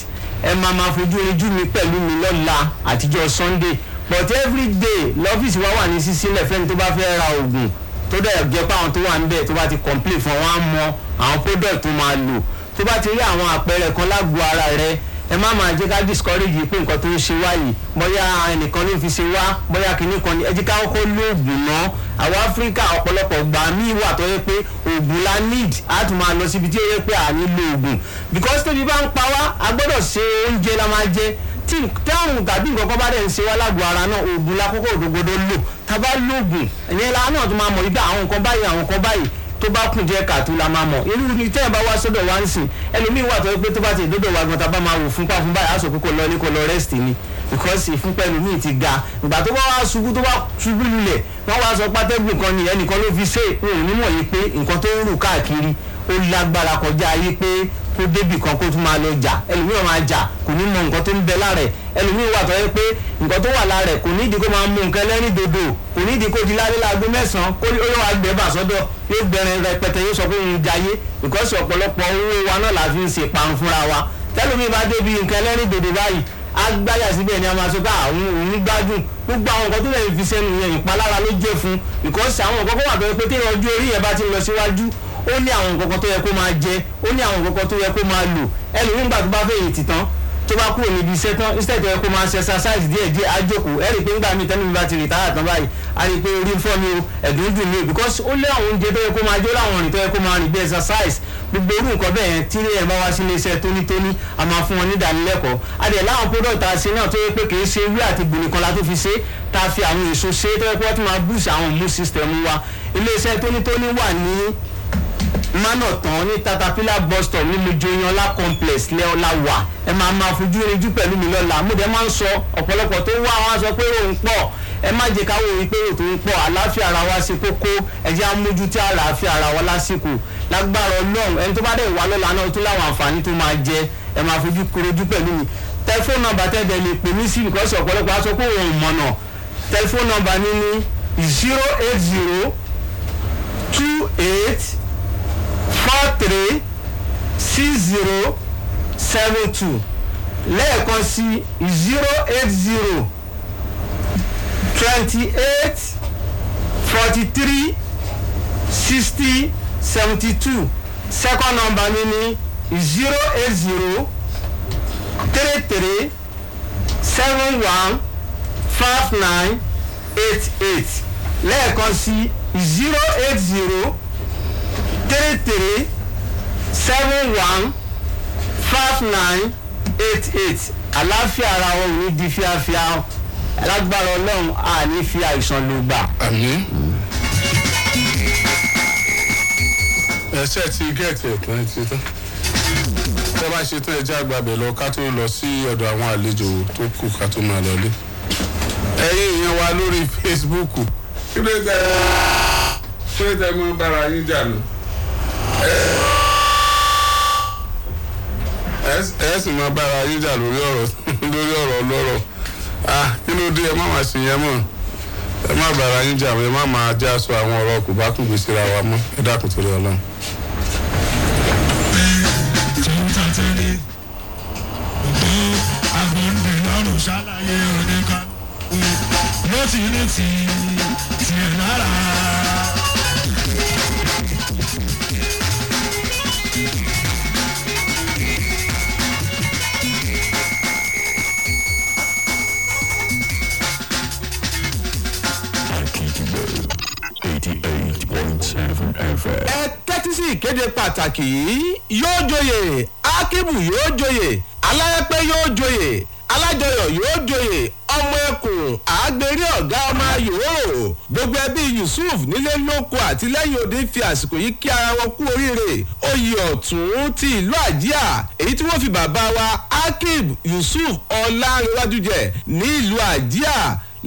ẹ máa máa fojú ojú mi pẹ̀lú mi lọ́la àtijọ́ sunday but every day lọ́fíìsì wa wà ní sísílẹ̀ fẹ́ni tó bá fẹ́ ra oògùn tó dẹ̀ jẹ́ pé àwọn tó wà níbẹ̀ tó bá ti complete fún wọn á mọ àwọn product tó máa lò tó bá ti rí àwọn àpẹẹrẹ kan lágbo ara rẹ ẹ má máa jẹ́ ká discourage pé nǹkan tó ń ṣe wá yìí bóyá ẹnìkan ló fi ṣe wá bóyá kìíní kan ní ẹ jẹ́ ká kọ́kọ́ lóògùn náà àwọn áfíríkà ọ̀pọ̀lọpọ̀ gbà míì wà tó yẹ pé oògùn la need á tún máa lọ síbi tí ó yẹ pé à ní lo oògùn because tóbi bá ń pa wá a gbọ́dọ̀ ṣe oúnjẹ la máa jẹ tí táwọn tàbí nǹkan kan bá dẹ̀ ń ṣe wá lágbo ara náà oògùn lákòókò òdòdó lò tábà lóògùn ìyẹn la náà tó máa mọ̀ ibà àwọn nǹkan báyìí àwọn nǹkan báyìí tó bá kùn jẹ́ kàtó la máa mọ̀ irú ni tẹ́yìn bá wá sọ́dọ̀ wá ń sìn ẹlòmíín wà tó pé tó bá ti dọ́dọ̀ wá gan tábà máa wò fúnpá fún báyìí aṣọ kókó lọ ní kó lọ rest ni because ìfúnpá ẹlòmíín ti ga ìgbà tó bá wá ṣubú tó bá ṣubú lulẹ̀ wọ́n wá sọ pátẹ́gùn kan ni ẹnìkan ló fi ṣe òun nímọ̀ yìí pé nǹkan tó ń rù káàkiri ó lágbára kọjá ayé pé kó débì kan kó tún máa lọ jà ẹlòmíràn máa jà kò ní mọ nǹkan tó ń bẹ lára ẹ ẹlòmíràn wà tó yẹ pé nǹkan tó wà lára ẹ kò nídìí kó máa mú nǹkan lẹ́rìn dodo kò nídìí kó di lálé láago mẹ́sàn-án kó ó yọ àgbẹ̀ bà sọ́dọ̀ yóò bẹ̀rẹ̀ rẹpẹtẹ yóò sọ pé òun jayé because ọ̀pọ̀lọpọ̀ owó wa náà la fi ń ṣe pan fúnra wa tẹ́lómìn bá débi nǹkan lẹ́rìn dodo báyìí agbáyà síbẹ̀ ni a máa sọ pé àwọn òun gbádùn gbogbo àwọn nǹkan tó lè fi sẹ́nu yẹn ìpalára ló jẹ́ fún because àwọn nǹkan kó wà tó yẹ pé téèyàn ojú orí yẹn bá ti lọ síwájú ó ní àwọn nǹkan kan tó yẹ kó máa jẹ ó ní àwọn nǹkan kan tó yẹ kó máa lò ẹlòmíì nígbà tó bá fẹ́ èyí tìtàn tó bá kúrò níbi iṣẹ́ tán instead tó yẹ kó máa ṣe exercise díẹ̀ díẹ̀ á jókòó ẹ rí i pé nígbà míì tẹ́lẹ̀ mi bá ti retire tán báyìí á rí i pé orí fọ́ mi o ẹ̀dùn dùn mí because ó lé àwọn oúnjẹ tó yẹ kó máa jẹ ó láwọn rìn tó yẹ kó máa rìn bí exercise gbogbo irú nǹkan bẹ́ẹ̀ yẹn tí ẹ̀ bá wá sí iléeṣẹ́ tónítóní a máa fún wọn ní ìdánilẹ́kọ̀ọ́ adìẹ láwọn product àṣẹ náà tó yẹ pé kì í ṣe ewé àti gbòòrò kan la tó fi ṣe tá a fi àwọn èso ṣe tó yẹ kó wọ́n ti máa boost àwọn immune system wa iléeṣẹ́ tónítóní wà ní mánàtán ní tatapila bus stop nínú joyanla complex lẹ́ọ̀la wà ẹ máa máa fojú rinjú pẹ̀lú mi lọ́la mo dẹ̀ máa ń sọ ọ̀pọ̀lọpọ̀ tó wá wọn sọ pé òun pọ̀ ẹ má jẹ́ káwọ́ òun pé òun pọ̀ àlàáfíà ara wa ṣe kókó ẹ jẹ́ àmójútó àlàáfíà ara wa lásìkò lágbára ọlọ́run ẹni tó bá dẹ̀ wà lọ́la náà tó láwọn àǹfààní tó máa jẹ ẹ máa fojú korojú pẹ̀lú mi tẹlifóònù nọ́mbà tẹ́tẹ́ lè pè mí sí because ọ̀pọ̀lọpọ̀ aṣọ kó òun mọ̀nà tẹlifóònù nọ́mbà mi ní zero eight zero two eight four three six zero seven two lẹ́ẹ̀kan sí zero eight zero twenty eight forty three sixty seventy two second number mi ni zero eight zero three three seven one five nine eight eight lẹ́ẹ̀kan sí zero eight zero three three seven one five nine eight eight àláfíà ara wọn ò ní di fíafíà lágbára ọlọ́run a ní fi àìsàn ló gbà. ẹsẹ ti gẹẹti ẹtàn ti tán tẹ bá ṣe tán ẹjẹ àgbàbẹ lọ ká tó lọ sí ọdọ àwọn àlejò tó kù ká tó máa lọlé ẹyin ìyẹn wa lórí facebook kí ló dé kí ló dé mọ bára yín jà náà ẹ sì máa bára yín jà lórí ọ̀rọ̀ lórí ọ̀rọ̀ ọlọ́rọ̀ ah kí dé ẹ má máa ṣe yẹn mọ́ ẹ má bára yín jà ẹ má máa já aṣọ àwọn ọ̀rọ̀ kò bá kù gbèsè ra wa mọ́ ẹ dákun torí ọlọ́run. ṣàlàyé oníkan ti ní tì tì lára. ìkéde pàtàkì yìí yóò joyè akíbù yóò joyè aláyẹpẹ́ yóò joyè alájọyọ̀ yóò joyè ọmọ ẹkùn àgbèrè ọ̀gá ọmọ ayòó gbogbo ẹbí yusuf nílé lóko àti lẹ́yìn òde fi àsìkò yìí kí ara wọn kú oríire oyè ọ̀tún ti ìlú àjíà èyí tí wọ́n fi bàbá wa akib yusuf ọlárẹ̀wájú jẹ ní ìlú àjíà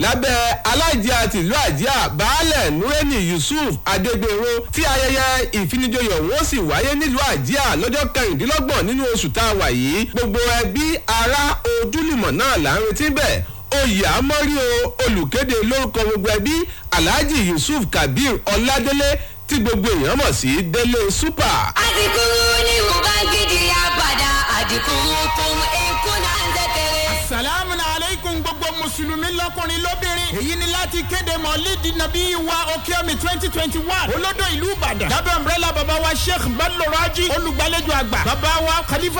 lábẹ́ alájẹ àtìlú àjíà baálẹ̀ nureni yusuf adégbèrò tí ayẹyẹ ìfinijoyè òun ó sì wáyé nílùú àjíà lọ́jọ́ kẹrìndínlọ́gbọ̀n nínú oṣù tá a wà yìí gbogbo ẹbí ará ojúlùmọ̀ náà là ń retí bẹ́ẹ̀ oyè amọ́rí o olùkéde lórúkọ gbogbo ẹbí alhaji yusuf kabir ọládélé tí gbogbo èèyàn mọ̀ sí délé super. àdìkú ni mo bá gidi apàdà àdìkú kún ẹ. mùsùlùmí lọ́kùnrin lóbìnrin. èyí ni láti kéde mọ̀lídìí nàbí wa okeomi twenty twenty one olódò ìlú ìbàdàn lábẹ́ umbrella baba wa sheikh balorajì olùgbàlejò àgbà baba wa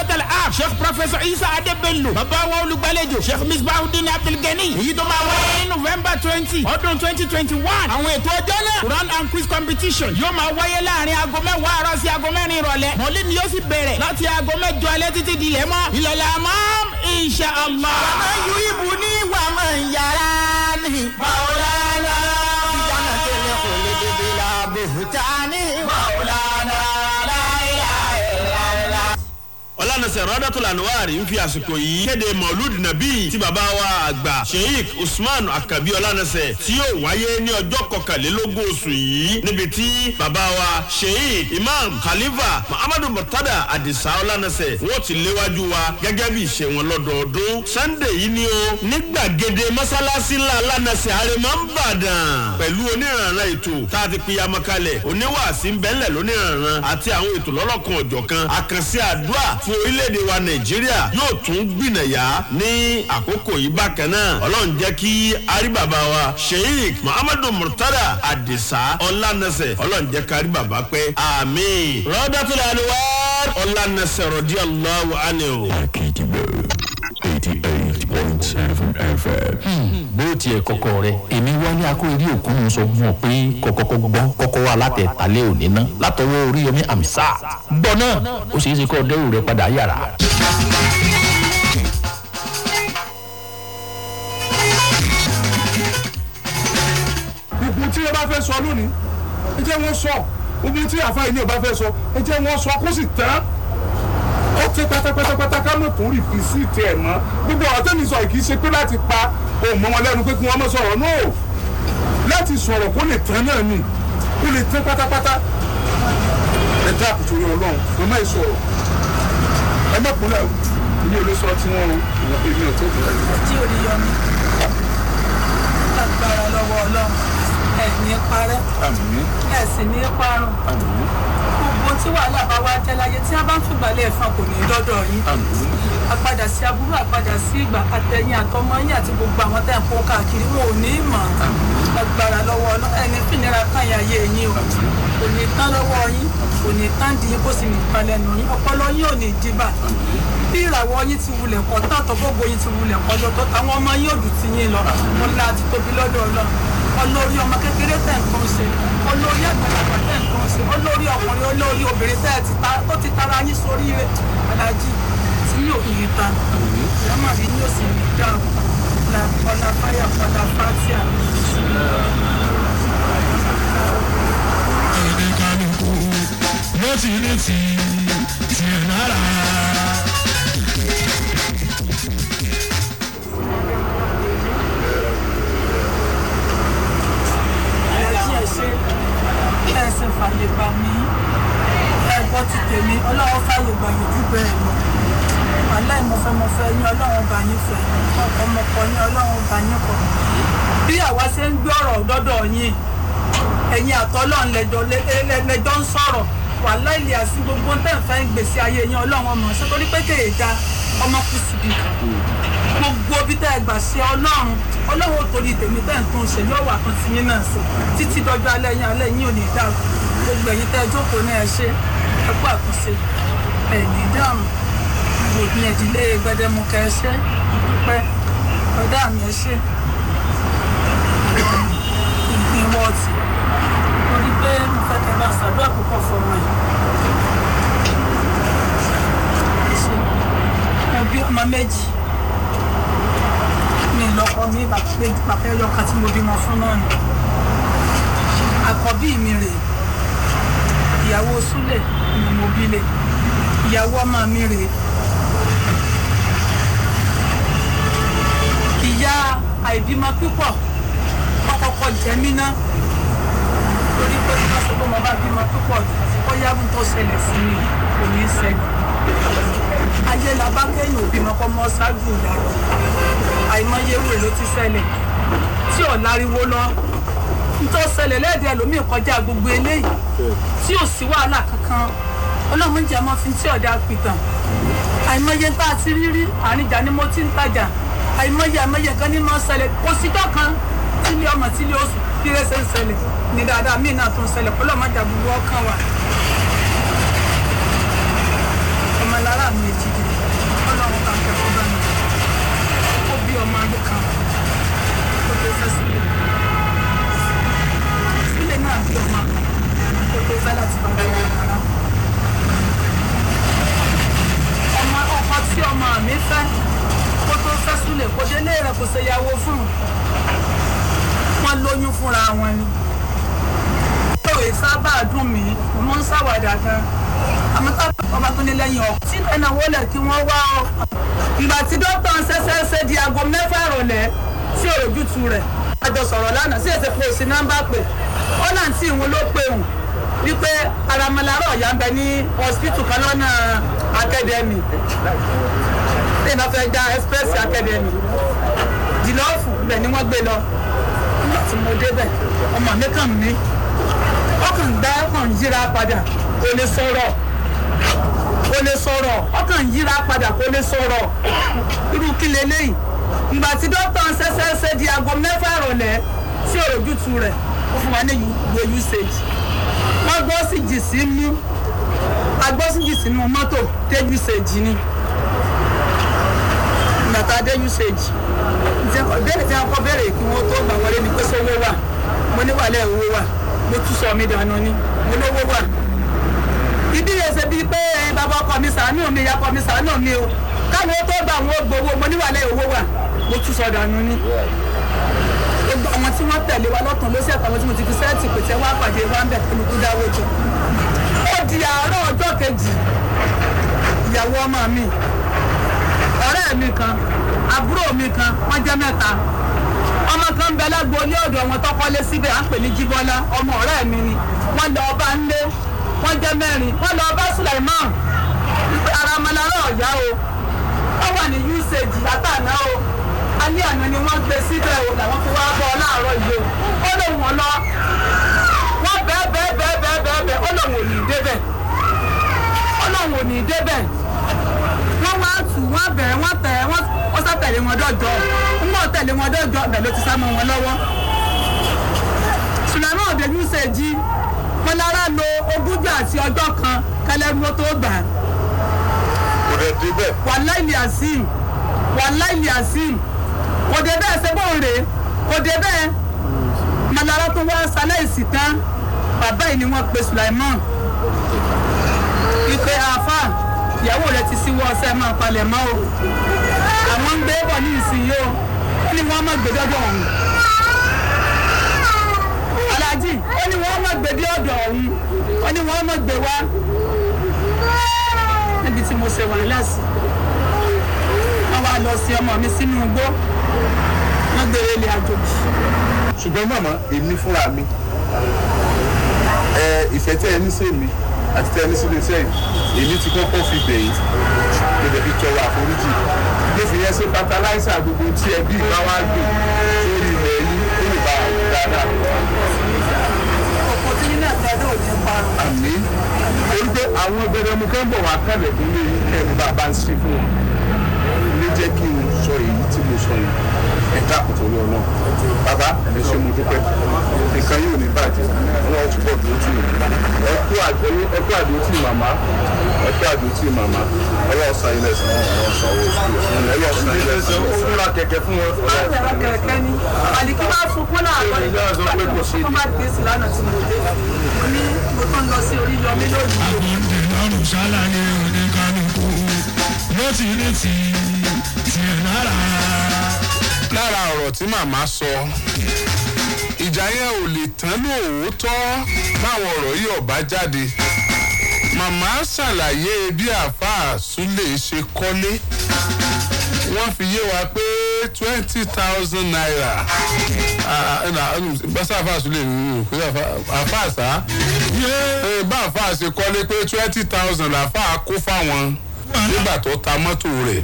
tal ab sheikh professor isa adebello baba wa olùgbàlejò sheikh misbahudin abdulgani èyí tó máa wáyé ní november twenty ọdún twenty twenty one àwọn ètò ọjọ́ náà quran and quiz competition yóò máa wáyé láàrin aago mẹ́wàá àárọ̀ sí aago mẹ́rin ìrọ̀lẹ́ mọ̀lídìí ni yóò sì bẹ̀rẹ̀ láti aago mẹ́jọ alẹ́ títí di ilẹ̀ mọ́ ìlọ̀lẹ́ àmọ́ insha allah. wàá máa yú ibù wàá máa yàrá. Maola. ọlànàṣẹ rọdọtòlà nuwari ń fi àsìkò yìí kéde mọlúùdì nàbí ti bàbá wa àgbà sheik usman akabi ọlànàṣẹ tí yóò wáyé ní ọjọ́ kọkànlélógún oṣù yìí níbi tí bàbá wa sheik imam khalifa muhammadu murtada adisa ọlànàṣẹ wọ́n ti léwájú wa gẹ́gẹ́ bí ìṣe wọn lọ́dọọdún sunday yìí ni ó ní gbàgede mọ́sálásí ńlá ọlànàṣẹ àrèmọ́ ń bàdàn pẹ̀lú oníranran ètò tá a ti piyamọ kalẹ̀ oníwàásí ń bẹ́ńlẹ̀ lóníranran àti àwọn ètò lọ́lọ́kan ọ̀jọ̀kan àkànṣe àdúrà f fún orílẹ̀-èdè wa nàìjíríà yóò tún gbìnàyà ní àkókò yìí bákan náà ọlọ́run jẹ́ kí arìbàbà wa sheik muhammadu murtada adisa ọlánẹsẹ̀ ọlọ́run jẹ́ ká arìbàbà pé àmín. rọ́dàtúlẹ̀ àlùwá ọlánẹsẹ̀ rọ̀dí aláwọ̀ àná o. akéjì bẹ́ẹ̀ eighty eight. Records. bó tiẹ̀ kọ́kọ́ rẹ èmi wálé akóyèrè òkú mi sọ fún ọ pé kọ́kọ́kọ́ gbọ́ kọ́kọ́ wà látẹ̀tàlẹ́ òní ná látọwọ́ Oríyọmí Àmísà gbọ́ náà ó ṣeé ṣe kọ́ ọ dẹ́rù rẹ padà yàrá. ìkùn tí ẹ bá fẹ́ sọ lónìí ẹ jẹ́ wọ́n sọ ogun tí àfa ilé ò bá fẹ́ sọ ẹ jẹ́ wọ́n sọ kó sì tán ó ti pátápátápátá ká mọ̀ tún rìpísìtì ẹ̀ mọ́ gbogbo ọ̀rọ̀ tẹ́mi sọ kì í ṣe pé láti pa òun mọ́ wọn lẹ́nu pé kí wọ́n mọ̀ sọ̀rọ̀ náà láti sọ̀rọ̀ kó lè tán náà nì kó lè tán pátápátá ẹ dá àkùtù yọ ọlọ́run mo má sọ̀rọ̀ ẹ má kúnlẹ̀ ilé olóṣọ tí wọ́n ro èmi ò tó kúnlẹ̀. tí o lè yọ mi lágbára lọ́wọ́ ọlọ́run ẹ̀ ní parẹ́ ẹ̀ sì ní parun àwọn tí wàhálà bá wá jẹ́ láyé tí a bá ń fìgbà lè fan kò ní dọ́dọ̀ yín àpadà sí aburú àpadà sí ìgbà àtẹ̀yìn àtọmọ àti gbogbo àwọn tẹ̀ ń kó káàkiri wọn ò ní mọ̀ agbára lọ́wọ́ ẹni fìnira káyà ayé yín o kò ní tán lọ́wọ́ yín kò ní tán di yín sì ní palẹ̀nù yín ọpọlọ yín ò ní dìbà bí ìràwọ̀ yín ti wulẹ̀ kọ́ tàtọ̀ gbogbo yín ti wulẹ̀ kọjọ tó táwọn ọmọ yín ò dùn ti yín lọ wọn láti tóbi lọ́dọ̀ ọlọ́run olórí ọmọ kékeré tẹ̀ nǹkan ṣe olórí àgbàlagbà tẹ̀ nǹkan ṣe olórí ọkùnrin olórí obìnrin tẹ̀ tó ti tara yín sórí rẹ̀ alájí tí yóò fi yín ta ìyáma rí ní òsì rí dáhùn ọ̀là fáyà ọ̀là fátíà. èdè kanukú ló ti ní tì tiẹ̀ náírà. ẹsẹ̀ fàlẹ́gbà mi ẹ̀gbọ́ ti tèmi ọlọ́run fàlẹ́gbà yìí jù bẹ́ẹ̀ lọ wàhálà ìmọ̀fẹ́mọ̀fẹ́ ní ọlọ́run bá yín fẹ́ ọkọ̀mọkọ ní ọlọ́run bá yín kọ̀ bí àwa ṣe ń gbé ọ̀rọ̀ dọ́dọ̀ yín ẹ̀yin gbogbo ń gbèsè ayé yín ọlọ́run ọmọ ṣe gbogbo bí tẹ́ ẹ gbà ṣe ọlọ́run ọlọ́run torí tèmi tẹ́ ń tún ṣe yóò wà kan sí yín náà sí títí dọjọ́ alẹ́ yín alẹ́ yín ò ní dàrú gbogbo ẹ̀yin tẹ́ ẹ jókòó ní ẹ ṣe ẹ kú àtúnṣe ẹ̀ ní dàrú gbòògùn ìdílé Gbẹdẹmukẹ ẹ ṣe ìdúpẹ́ ọ̀dà mi ẹ ṣe ìgbín wọ́ọ̀tì torí pé mo fẹ́ kẹ́ bá ṣàdúrà púpọ̀ fọmọ yìí ọmọ méjì lọ́kọ mi pé pàpẹ yọkà tí mo bímọ fún náà nù àkọ́bí mi rèé ìyàwó súlẹ ni mo bí lé ìyàwó ọmọ mi rèé ìyá àìbímọ púpọ̀ ọkọ̀ọ̀kọ̀ jẹ́mí ná torí pé bí wọ́n sọ pé mo bá bímọ púpọ̀ ó yá bó tó ṣẹlẹ̀ sí mi kò ní í ayé la bá kéèyàn òbí mọ́kọ́ mọ́ ṣáájú ìyàrá àìmọye ewé ló ti ṣẹlẹ̀ tí ò láriwo lọ nítorí ṣẹlẹ̀ lẹ́ẹ̀dẹ́ ẹlòmíì kọjá gbogbo eléyìí tí ò sí wàhálà kankan ọlọ́run jẹ́ mọ́ fi tí ọ̀dà pìtàn àìmọye tá a ti rí rí àníjà ni mo ti ń tajà àìmọye àìmọye kan ní mọ́ ṣẹlẹ̀ kò síjọ́ kan tílé ọmọ tílé oṣù bí rẹ́sẹ̀ ń ṣẹlẹ̀ ní dáadáa míì náà tó ń ṣẹlẹ̀ ọlọ́run jẹ́ gbogbo ọkàn wa. ní fẹ́ kó tó fẹ́ súnlẹ̀ kó délé rẹ̀ kó ṣèyàwó fún un wọ́n lóyún fúnra wọn ni. ìwé sábà dùn mí mo ń ṣàwàdà gan àmọ́ tá ọba tó ní lẹ́yìn ọkọ̀ síbẹ̀ náà wọlé kí wọ́n wá ọ. ìgbà tí dókítà ń ṣẹ̀ṣẹ̀ ṣe di aago mẹ́fà ìrọ̀lẹ́ sí òròjútu rẹ̀ àjọ sọ̀rọ̀ lánàá sí èsè pé òsì nọ́mbà pé ó náà tí ìwọ̀n ló pé òun wípé aramọ̀lárọ̀ ọ̀yà ń bẹ ní hospital kan lọ́nà academy sunday náà fẹ́ dá express academy dìlọ́ọ̀fù ibẹ̀ ni wọ́n gbé lọ nígbà tí mo débẹ̀ ọmọ mi kàn mí ọkàn gbá ọkàn yíra padà kò lè sọ̀rọ̀ kò lè sọ̀rọ̀ ọkàn yíra padà kò lè sọ̀rọ̀ irú kí leléyìí ìgbà tí dókítà ń ṣẹṣẹ ṣe di aago mẹ́fà ìrọ̀lẹ́ sí òròjútu rẹ̀ ó fún wa ní ìwé usage wọ́n gbọ́ sí jì sí mú agbọ́síjì sínú mọ́tò dé usage ni. àtàdé usage ìbéèrè tí a kí wọ́n tó gbà wọlé pé wà mo ní wàlẹ́ owó wà mo tún sọ mi mo wà. bíi pé bàbá ọkọ mi mi ìyá ọkọ mi mi o káwọn tó gbà wọn gbowó mo ní wàlẹ́ owó wà mo tún sọ gbogbo àwọn tí wọ́n tẹ̀lé wa lọ́tàn ló àtàwọn tí mo ti fi sẹ́ẹ̀tì pèsè wá pàdé ń bẹ̀ olùkú dáwọ́ jọ. ó di àárọ̀ ọjọ́ kejì ìyàwó ọmọ mi ọ̀rẹ́ mi kan àbúrò mi kan wọ́n jẹ́ mẹ́ta ọmọ kan ń bẹ lágbo ọ̀dọ̀ wọn síbẹ̀ à ń pè ní jíbọ́lá ọmọ ọ̀rẹ́ mi ni wọ́n lọ ọba ńlé wọ́n jẹ́ mẹ́rin wọ́n lọ ọba Sulaiman ara ọmọlára ọ̀yá o ó wà ní usage o alẹ́ àná ni wọ́n gbé síbẹ̀ o làwọn fi wá bọ́ láàárọ̀ yìí o ó lè wọ́n lọ wọ́n bẹ́ẹ̀ wọ́n wá tù wọ́n bẹ̀rẹ̀ wọ́n tẹ̀ wọ́n sá tẹ̀lé wọn dọ́dọ̀ ńgbọ́ tẹ̀lé wọn dọ́dọ̀ bẹ̀ ló ti sá mọ́ wọn lọ́wọ́. sùlámù ọ̀dẹ́jú ṣe jí wọn lára lo ogúnjọ́ àti ọjọ́ kan kẹlẹ́nu tó gbà. kò dé débẹ̀. wàláìlì azeem wàláìlì azeem kò dé bẹ́ẹ̀ ṣe bóun rèé kò dé bẹ́ẹ̀ malara tó wá ṣaláìsì tán bàbá yìí ni wọ́n pe Sulaiman ìpè àáfàá ìyàwó rẹ ti síwọ́ ọsẹ máa palẹ̀ mọ́ o àwọn ń gbé bọ̀ ní ìsinyìí o ó ní wọ́n mọ̀ gbẹdọ́dọ̀ ọ̀hún aláàjì ó ní wọ́n mọ̀ gbẹdí ọ̀dọ̀ ọ̀hún ó ní wọ́n mọ̀ gbẹ wá níbi tí mo ṣe wà lẹ́sì wọ́n wá lọ sí ọmọ mi sínú igbó wọ́n gbére ilé àjòjì. ṣùgbọ́n màmá èmi fúnra mi ẹ ìfẹ́ tẹ́ ẹ ní sèmi àti tẹ́ ẹ ní sílé sẹ́yìn èmi ti kọ́kọ́ fi bẹ̀yìn kò dẹ̀ fi tọrọ àforíjì ilé fi yẹn ṣe fatalaisa gbogbo tí ẹbí bá wá gbé sórí ilẹ̀ yìí ó lè bá àwọn dáadáa. ọ̀pọ̀ tí nínú àtàdé ò ní pa. àmì torí pé àwọn gbẹdẹmukẹ́ ń bọ̀ wá kálẹ̀ nílé yìí kẹ́ni bàbá ń ṣe fún wọn ló jẹ́ kí n sọ èyí tí mo sọ yìí ẹ̀dá àkùtòrí ọ̀nà bàbá ẹ̀ ṣe mo dúpẹ́ nǹkan yóò ní bàjẹ́ wọn ò túbọ̀ dúró tì mí ẹ̀kú àdó tì màmá ẹ̀kú àdó tì màmá ọlọ́ọ̀sà ilẹ̀ sàn ọlọ́ọ̀sà owó ìṣòro ọlọ́ọ̀sà ilẹ̀ sàn ọlọ́ọ̀sà ó kẹ̀kẹ́ fún wọn. wọ́n lè kẹ̀kẹ́ ni àdìkí bá sunkún náà lọ ìgbà tó bá gbé sí lánàá tí mo dé mo tó ń lọ sí orí yọmí lónìí. àbọ̀ǹdè lọ́rùn ṣáláyé oníkanukú ló ti ní tì lára ọ̀rọ̀ tí màmá sọ ìjà yẹn ò lè tán lóòótọ́ báwọn ọ̀rọ̀ yìí ọ̀bá jáde màmá ṣàlàyé bí àáfàá súlè ṣe kọ́lé wọ́n fi yé wa pé twenty thousand naira ah, ah, bá sáfà súlè nínú àfàá sá eh, bá àfàá ṣe kọ́lé pé twenty thousand làfàá kó fáwọn nígbà tó ta mọ́tò rẹ̀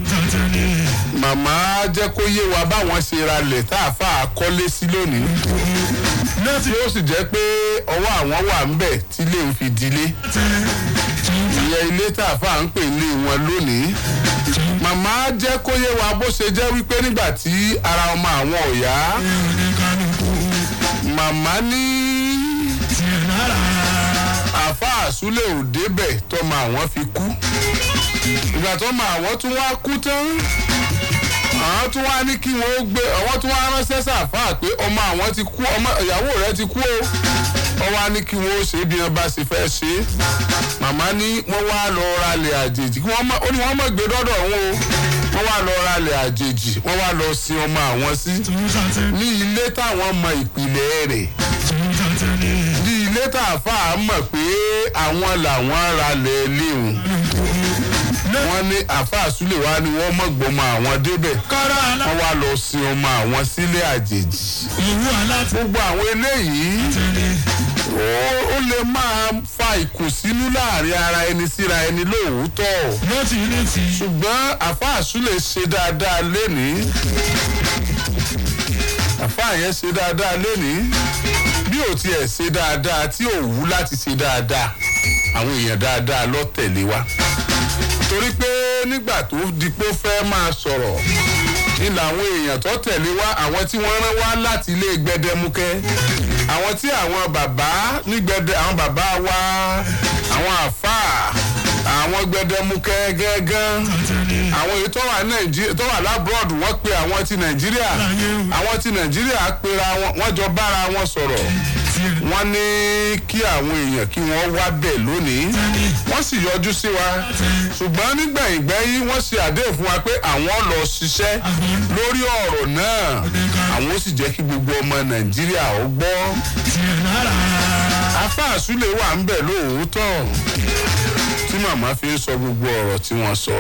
màmá jẹ́ kó yé wa báwọn ṣe ralẹ̀ tá a fà á kọ́lé sí lónìí tí ó sì jẹ́ pé ọwọ́ àwọn wà ń bẹ̀ tí ilé ń fi dilé ìyẹn ilé tá a fà ń pè ní wọn lónìí màmá jẹ́ kó yé wa bó ṣe jẹ́ wípé nígbà tí ara ọmọ àwọn ọ̀yá màmá ní àfa àsúlẹ̀ òdebẹ̀ tọmọ àwọn fi kú ìgbà tó mọ àwọn tún wá kú tán àwọn tún wá ní kí wọn ó gbé àwọn tún wá ránṣẹ́ sàfáà pé ọmọ àwọn ti kú ọmọ ìyàwó rẹ ti kú o wọ́n wá ní kí wọ́n ó ṣe bí wọ́n bá ṣe fẹ́ ṣe màmá ní wọ́n wá lọ ralẹ̀ àjèjì kí wọ́n mọ̀ ó ní wọ́n mọ̀ gbé dọ́dọ̀ wọn o wọ́n wá lọ ralẹ̀ àjèjì wọ́n wá lọ sin ọmọ àwọn sí ní ilé táwọn mọ ìpìlẹ̀ rẹ̀ ní ilé tààfà mọ̀ pé àwọn làwọn ralẹ̀ léwu wọ́n ní àáfàá súlẹ̀ wá ni wọ́n mọ̀gbọ́mọ àwọn débẹ̀ wọ́n wá lọ sin ọmọ àwọn sílé àjèjì gbogbo àwọn eléyìí ó lè máa fa ìkùnsínú láàrin ara ẹni síra ẹni lóòótọ́ ṣùgbọ́n àáfàá súlẹ̀ ṣe dáadáa lénìí àáfàá yẹn ṣe dáadáa lénìí bí ò tiẹ̀ ṣe dáadáa tí ò wú láti ṣe dáadáa àwọn èèyàn dáadáa lọ tẹ̀lé wa nítorí pé nígbà tó di pé ó fẹ́ máa sọ̀rọ̀ ni làwọn èèyàn tó tẹ̀lé wá àwọn tí wọ́n rán wá láti ilé gbẹdẹmukẹ́ àwọn tí àwọn bàbá ní àwọn bàbá wa àwọn àfáà àwọn gbẹdẹmukẹ gángan àwọn èyí tó wà nàìjíríà tó wà lábúrọ̀dù wọ́n pe àwọn ti nàìjíríà àwọn ti nàìjíríà pera wọ́n jọ bára wọn sọ̀rọ̀ wọ́n ní kí àwọn èèyàn kí wọ́n wá bẹ̀ lónìí wọ́n sì yọjú sí wa ṣùgbọ́n nígbẹ̀yìn gbẹ́yìn wọ́n ṣe àdéhùn fún wa pé àwọn lọ ṣiṣẹ́ lórí ọ̀rọ̀ náà àwọn ó sì jẹ́ kí gbogbo ọmọ nàìjíríà ó gbọ́ afáàsúlẹ̀ wà ń bẹ̀ lóòótọ́ tí màmá fi ń sọ gbogbo ọ̀rọ̀ tí wọ́n sọ.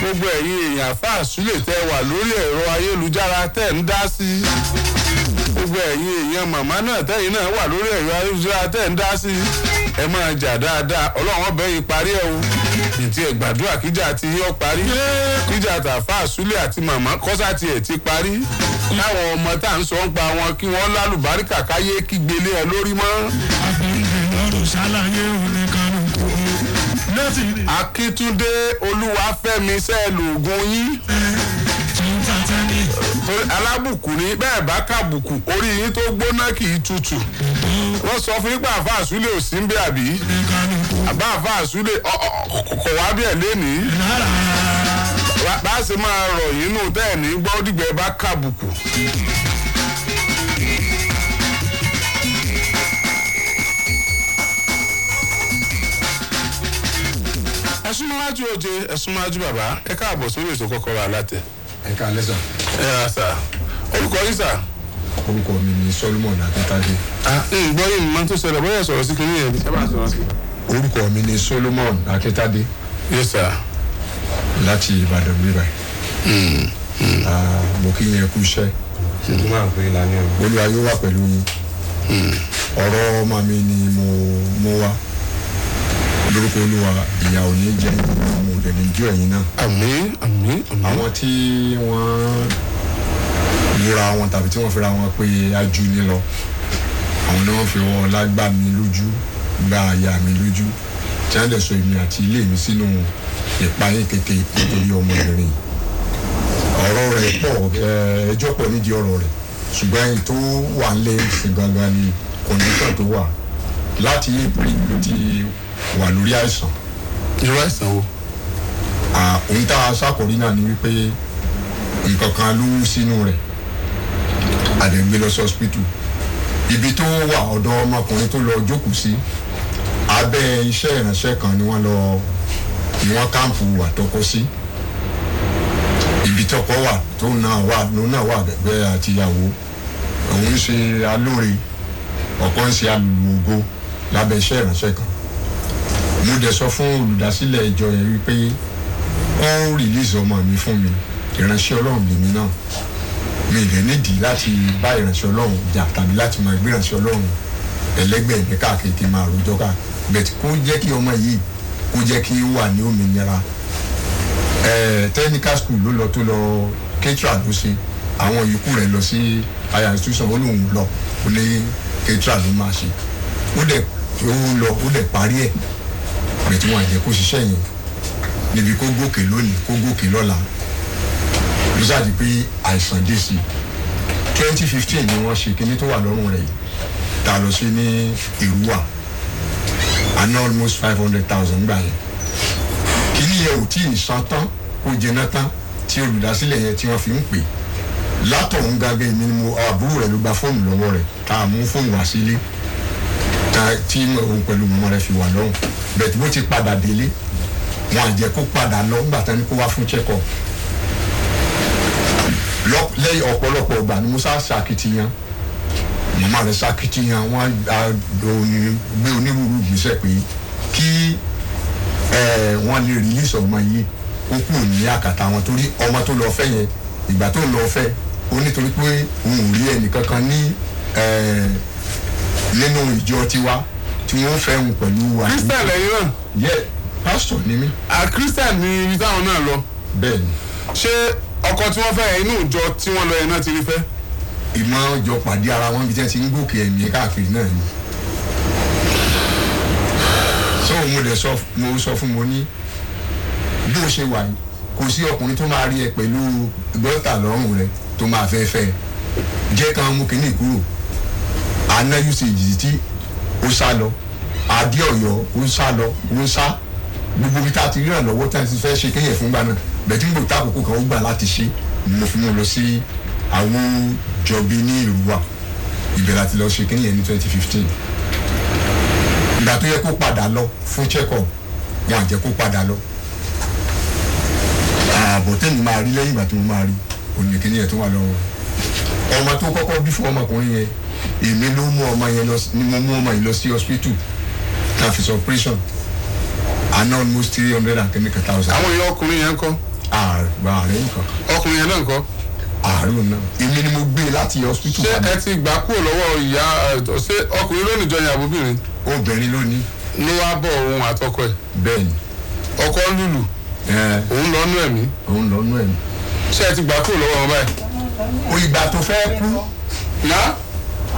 gbogbo ẹ̀yin èèyàn àfáà súlè tẹ́ wà lórí ẹ̀rọ ayélujára tẹ̀ ń dá sí. gbogbo ẹ̀yin èèyàn màmá náà tẹ́yìn náà wà lórí ẹ̀rọ ayélujára tẹ̀ ń dá sí. ẹ máa jà dáadáa ọlọ́run ọbẹ̀ yìí parí ẹ̀ o ìtì ẹ̀ kíjà ti yọ parí. kíjà tàfáà súlè àti màmá kọ́sà tiẹ̀ ti parí. káwọn ọmọ tá à ń sọ ń pa wọn kí wọ́n lálùbáríkà káyé kígbe lé ẹ lórí mọ́. àbẹ̀rẹ̀ lọ́rùn ṣáláyé òun nìkan. akíntúndé olúwàfẹ́mi sẹ́ẹ̀lògùn yín alábùkù ni bẹ́ẹ̀ bá kàbùkù orí yín tó gbóná kì í tutù wọ́n sọ fún yípa àfa àsúlẹ̀ òsì ń bí àbí àbá àfa kò wá bí ẹ̀ lénìí bá a máa rọ̀ ẹ súnmọ́wájú oje ẹ súnmọ́wájú bàbá ẹ káàbọ̀ sórí ètò kọ́kọ́rọ́ alátẹ. ẹ ká lẹ́sà. ẹ ra sà orúkọ yín sà. orúkọ mi ni solomon akíntadé. ǹgbọ́ yìí máa tó ṣẹlẹ̀ bóyá sọ̀rọ̀ sí kiri yẹn. orúkọ mi ni solomon akíntadé. yes sir. láti ìbàdàn mi báyìí. Hmm, hmm. mo kí yẹn kú iṣẹ́. olúwa yóò wà pẹ̀lú mi. Hmm. ọ̀rọ̀ ọmọ mi ni mo mú wá lórúkọ olúwa ìyà ò ní jẹ àwọn òde nìjọ ẹ̀yìn náà. àmín àmín àmín. àwọn tí wọ́n lura wọn tàbí tí wọ́n fira wọn pé ajú ni lọ àwọn ni wọ́n fi wọn ọlá gbà mí lójú gba àyà mi lójú tí wọ́n lè sọ èmi àti ilé mi sínú ìpayín kékeré nítorí ọmọbìnrin ọ̀rọ̀ rẹ̀ pọ̀ ẹjọ́ pọ̀ nídìí ọ̀rọ̀ rẹ̀ ṣùgbọ́n ẹni tó wà ń lé ìsìn gangan ni kọ̀ǹdíṣàn tó wà láti april ti wà lórí àìsàn. irú àìsàn wo. ohun tá a ṣàkórí náà ni wípé nǹkan kan ló wú sínú rẹ̀ àdẹ̀gbẹ́ lọ sọ́spítù ibi tó wà ọ̀dọ̀ ọmọkùnrin tó lọ jókòó sí abẹ́ iṣẹ́ ìránṣẹ́ kan ni wọ́n lọ ni wọ́n káàmpù àtọkọ sí ibi tọkọ wà tó náà wà ló náà wà gẹ́gẹ́ àtìyàwó òun ń ṣe alóore ọ̀kan ń ṣe alùlù ògo lábẹ́ iṣẹ́ ìránṣẹ́ kan mo dẹ̀ sọ fún olùdásílẹ̀ ìjọ yẹn wípé wọ́n ń rìlíìsì ọmọ mi fún mi ìránṣẹ́ ọlọ́run lèmi náà mi ìdẹ̀ nídìí láti bá ìránṣẹ́ ọlọ́run jà tàbí láti máa gbé ìránṣẹ́ ọlọ́run ẹlẹ́gbẹ́ mi káàkiri kí n máa rojọ́ ká bẹ̀t kó jẹ́ kí ọmọ yìí kó jẹ́ kí ó wà ní òmìnira technical school ló lọ tó lọ ketra ló ṣe àwọn yòókù rẹ̀ lọ sí higher institution ó lóun lọ ó ní ketra ló máa ṣe ó dẹ̀ parí ẹ̀ bẹ̀tí wọn àjẹ́ kó ṣiṣẹ́ yẹn níbi kó gòkè lónìí kó gòkè lọ́la ló pé àìsàn dé sí twenty fifteen ni wọ́n ṣe kinní tó wà lọ́rùn rẹ̀ yìí tá lọ sí ní ìrúwà àná almost five hundred thousand gbà yẹn kinní yẹn ò tí ì san tán kó jẹná tán tí olùdásílẹ̀ yẹn tí wọ́n fi ń pè látọ̀hún gágé mi ni àbúrò rẹ̀ ló gba fóònù lọ́wọ́ rẹ̀ tá a mú fóònù wá sílé tí òun pẹ̀lú mọ́ rẹ̀ fi wà lọ́rùn bẹ̀tí bó ti padà délé wọn àjẹ́ kó padà lọ ńgbà tán ni kó wá fún check-up lẹ́yìn ọ̀pọ̀lọpọ̀ ìgbà ni musa ṣàkitiyan màmá rẹ̀ ṣàkitiyan wọn gbé onírúurú ìgbésẹ̀ pé kí wọ́n lè release ọmọ yìí ó kù ní àkàtà wọn torí ọmọ tó lọ fẹ́ yẹn ìgbà tó lọ fẹ́ ó pé òun ò rí ẹnìkankan ní nínú ìjọ tiwa tí wọ́n fẹ́ wọn pẹ̀lú wa. christian lẹ́yìn náà. yẹ pastor ni mí. a christian ni ibi táwọn náà lọ. bẹ́ẹ̀ni. ṣé ọkọ tí wọ́n fẹ́ yẹn inú ìjọ tí wọ́n lọ yẹn náà ti rí fẹ́. ìmọ̀ ìjọ pàdé ara wọn bí jẹ́ ti ń gòkè ẹ̀mí káàkiri náà ni. sọ òun lè sọ mo sọ fún mo ní bí o ṣe wà yìí kò sí ọkùnrin tó máa rí ẹ pẹ̀lú gọ́tà lọ́rùn rẹ tó máa fẹ́ fẹ́ jẹ́ ká mú kinní kúrò àná usage yìí tí sá lọ adé ọ̀yọ́ ó sá lọ ó sá gbogbo ibi tá a ti rí ìrànlọ́wọ́ tá a ti fẹ́ ṣe kéèyàn fún gbà náà bẹ̀tí gbogbo tá àkókò kan ó gbà láti ṣe mo fi mú lọ sí àwọn jọbi ní ìlú wa ìbẹ̀rẹ̀ àti lọ ṣe kéèyàn ní twenty fifteen ìgbà tó yẹ kó padà lọ fún check up wọn àjẹ́ kó padà lọ ààbò tẹ́mi máa rí lẹ́yìn ìgbà tó máa rí òní kéèyàn tó wà lọ́wọ́ ọmọ tó kọ́kọ́ bí fún ọmọkùnrin yẹn èmi ló mú ọmọ yẹn lọ ni mo mú ọmọ yẹn lọ sí hospital tá a fi sọ operation àná almost three hundred and ten thousand. àwọn èèyàn ọkùnrin yẹn ń kọ́. ààrẹ ń kọ́. ọkùnrin yẹn náà ń kọ́. ààrùn náà èmi ni mo gbé e láti hospital. ṣé ẹ ti gbà kúrò lọ́wọ́ ìyá ṣé ọkùnrin lónìí jọ yàgò bìnrin. obìnrin lónìí. ló wá bọ̀ òun àtọkọ ẹ̀. bẹ́ẹ̀ni. ọkọ lùlù. òun lọ nú ẹ̀mí. òun lọ nú ẹ̀mí. ṣé ẹ ti gbà kúrò lọ́wọ́ wọn báyìí. òyìnbá tó fẹ́ kú. náà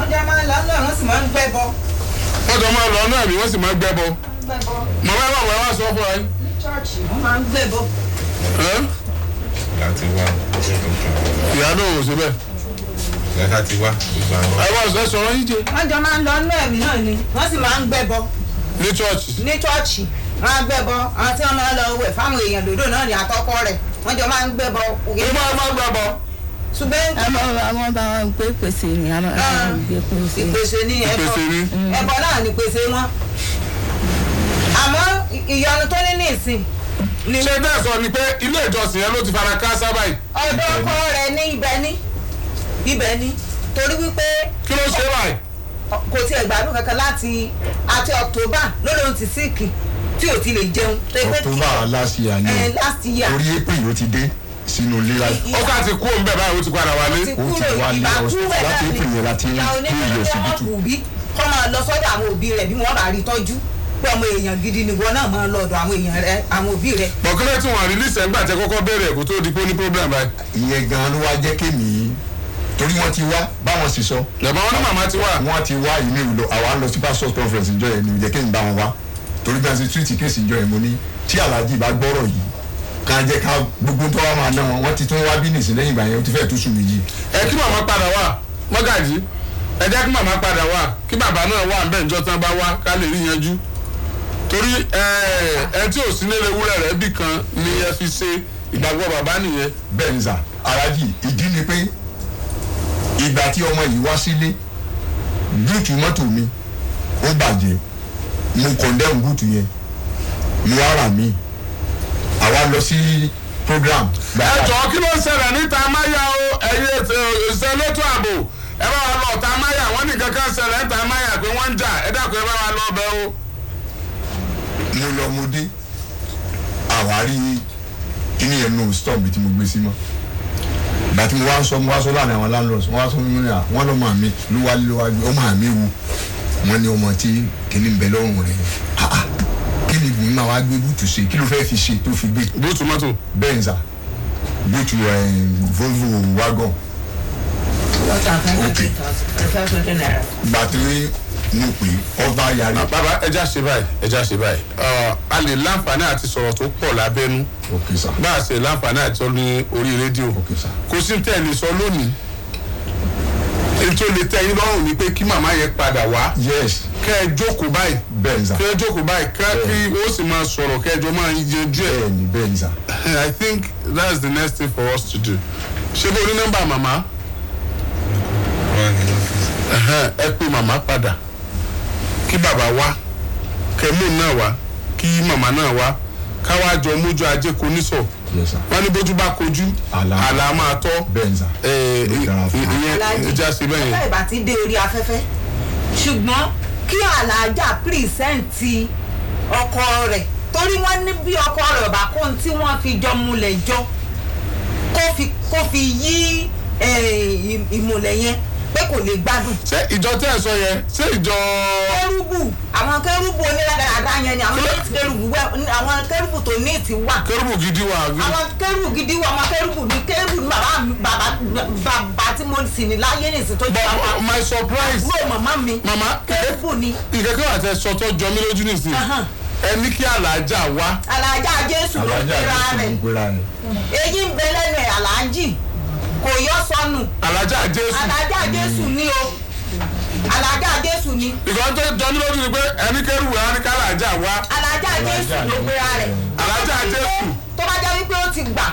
ọjà máa lọ náà wọ́n sì ma ń gbẹ́bọ. ọjà máa ń lọ náà ni wọ́n sì máa ń gbẹ́bọ. màmá ẹ wà wọ́n wá sọ fún wa yín. ní chọ́ọ̀chì wọ́n máa ń gbẹ́bọ. láti wá ìyá náà ò sí bẹ́ẹ̀. ìyá ti wá gbogbo ẹ wá sọ sọ̀rọ̀ yín ọjà máa ń lọ náà ni wọ́n sì máa ń gbẹ́bọ. ní chọ́ọ̀chì. ní chọ́ọ̀chì wọ́n á gbẹ́bọ àwọn tí wọ́n máa ń lọ wẹ̀ fáwọn èèyàn lòdò náà ní àtọ́kọ́ rẹ̀ wọ́n jọ máa ń gbẹ́bọ. ìgbà máa ń gbẹ́bọ. ṣùgbọ́n. àmọ́ àwọn bá wọn gbé pèsè ni àwọn gbé ah, pèsè. ìpèsè ni ẹbọ ẹbọ náà ni pèsè wọn. àmọ́ ìyọnu tó ní ní ìsìn. ṣé bẹ́ẹ̀ sọ ni pé ilé ìjọsìn yẹn ló ti fara káásá báyìí. ọ̀dọ̀ ọkọ rẹ̀ ní ibẹ̀ ní ibẹ̀ ní torí wípé. kí ló ṣe báyìí. kò tiẹ̀ gbádùn kankan láti àti October lórí ohun ti síìkì tí ò ti lè jẹun. October last year ni eh, orí April ló ti dé sínú ilé láì. ó sá ti kú òǹbẹ̀ báyìí ó ti padà wálé. ó ti wálé láti ìpìlẹ̀ láti ní ìlú òsibítù. kọ́ máa lọ sọ́dọ̀ àwọn òbí rẹ̀ bí wọ́n bá rí tọ́jú pé ọmọ èèyàn gidi ni wọn náà máa ń lọ́dọ̀ àwọn èèyàn rẹ àwọn òbí rẹ. bọ̀kúrẹ́ tí wọ́n rí nísẹ̀ ńgbà tẹ kọ́kọ́ béèrè kó tó di pé ó ní problem báyìí. ìyẹn gan-an ló wá jẹ́ kémi torí wọ́n ti wá báwọn sì sọ. lẹ́bàá wọn ní màmá ti wá. wọ́n ti wá ìmí ìlò àwa ń lọ sí pastors conference ìjọ yẹn ni ìjẹ́ bá wọn wá torí bí wọ́n túwìtì kéèsì ìjọ yẹn mo ní tí aláàjì bá gbọ́rọ̀ yìí ká jẹ́ ká gbogbo tó wà máa ná wọn wọ́n ti tún wá bí nìsín lẹ́yìn ìgbà yẹn ó ti fẹ́ẹ̀ tó sùn méjì. ẹ kí màmá padà wá mọ́gàjì ẹ jẹ́ kí màmá padà wá kí bàbá náà wà ń bẹ̀ níjọ́ tán bá wá ká lè rí yanjú torí ẹ tí ò sí nílé wúrẹ́ rẹ̀ bì kan ni ẹ fi ṣe ìgbàgbọ́ bàbá nìyẹn. bẹ́ẹ̀ ni sà arájì ìdí ni pé ìgbà tí ọmọ yìí wá sílé búùtù mọ́tò mi ó bàjẹ́ mo kọ̀ndẹ́mù búùtù yẹn mo wá rà míì àwa lọ sí program. ẹ jọ̀ọ́ kí ló ń ṣẹlẹ̀ níta máyà o ẹ̀yin ètò elétò ààbò ẹ bá wa lọ ọ̀tá máyà wọ́n nìkan kan ṣẹlẹ̀ níta máyà pé wọ́n ń jà ẹ dàpọ̀ ẹ bá wa lọ ọbẹ̀ o. mo lọ mo dé àwárí kíní yẹn nù stop bí tí mo gbé sí mọ́ gbàtí mo wá sọ mo wá sọ láàrin àwọn landlords mo wá sọ mímú ni à wọn lọ máa mi ló wá lé wá gbé ó máa mi wù wọn ni ọmọ tí kìíní ń bẹ lọ́rùn rẹ̀ ah ah wàá gbé búùtù ṣe kí ló fẹ́ fi ṣe tó fi gbé. búùtù mọ́tò. bẹ́ẹ̀ nza búùtù eh, volvo wagon. ok gbàtúrí mo pè ọba yàrá. bàbá ẹja ṣe báyìí ẹja ṣe báyìí a lè láǹfààní àti sọ̀rọ̀ tó pọ̀ lábẹ́nu bá a ṣe láǹfààní àti sọ ní orí rédíò kò sí tẹ̀lé sọ lónìí ètò lè tẹ́ yín lọ́rùn ni pé kí màmá yẹn padà wá. yes kẹ́ ẹ jókòó báyìí. bẹ́ẹ̀ nza kẹ́ ẹ jókòó báyìí kẹ́ kí ó sì máa sọ̀rọ̀ kẹ́ ẹ jọ máa yanjú ẹ̀. bẹ́ẹ̀ni bẹ́ẹ̀ nza. i think that's the next thing for us to do. ṣé bó ní nọ́mbà màmá. ẹ pé màmá padà kí bàbá wá kẹ́ mú náà wá kí màmá náà wá káwá jọ mójú ajé kò ní sọ̀rọ̀ wọ́n ní bójú bá kojú àlà máa tọ́ ìyẹn ìjà sí bẹ́ẹ̀. ọ̀pẹ́ ìbá ti dé orí afẹ́fẹ́ ṣùgbọ́n kí aláàjà pírísẹ́ǹtì ọkọ rẹ̀ torí wọ́n ní bí ọkọ rẹ̀ ọ̀bà kó tí wọ́n fi jọ múlẹ̀ jọ kó fi yí ìmùlẹ̀ yẹn pé kò lè gbádùn. ṣé ìjọ tẹ́ ẹ sọ yẹn ṣé ìjọ. kẹrùbù àwọn kẹrùbù onírádàrádà yẹn ni àwọn kẹrùbù wẹ àwọn kẹrùbù tó ní ìtì wà. kẹrùbù gidi wà. àwọn kẹrùbù gidi wà àwọn kẹrùbù ni kẹrùbù ni bàbá bàbá bàbá tí mo sì ní láyé ní tó jẹ àwọn. my surprise. àbúrò màmá mi. màmá kẹrùbù ni. ìkẹ́kẹ́ àti ẹ̀sọ́ tó jọ mí lójú nìsín ẹ ní kí alájà wá. alájà jésù ló pera rẹ̀ èyí ń bẹ lẹ́nu aláàjì kò yọ sọnù. alájà jésù alájà jésù ni o alájà jésù ni. ìkan tó jọ ní lójú ni pé ẹni kẹrù wá ní kálájà wá. alájà jésù ló pera rẹ̀. alájà jésù. tó bá jẹ́ wípé ó ti gbà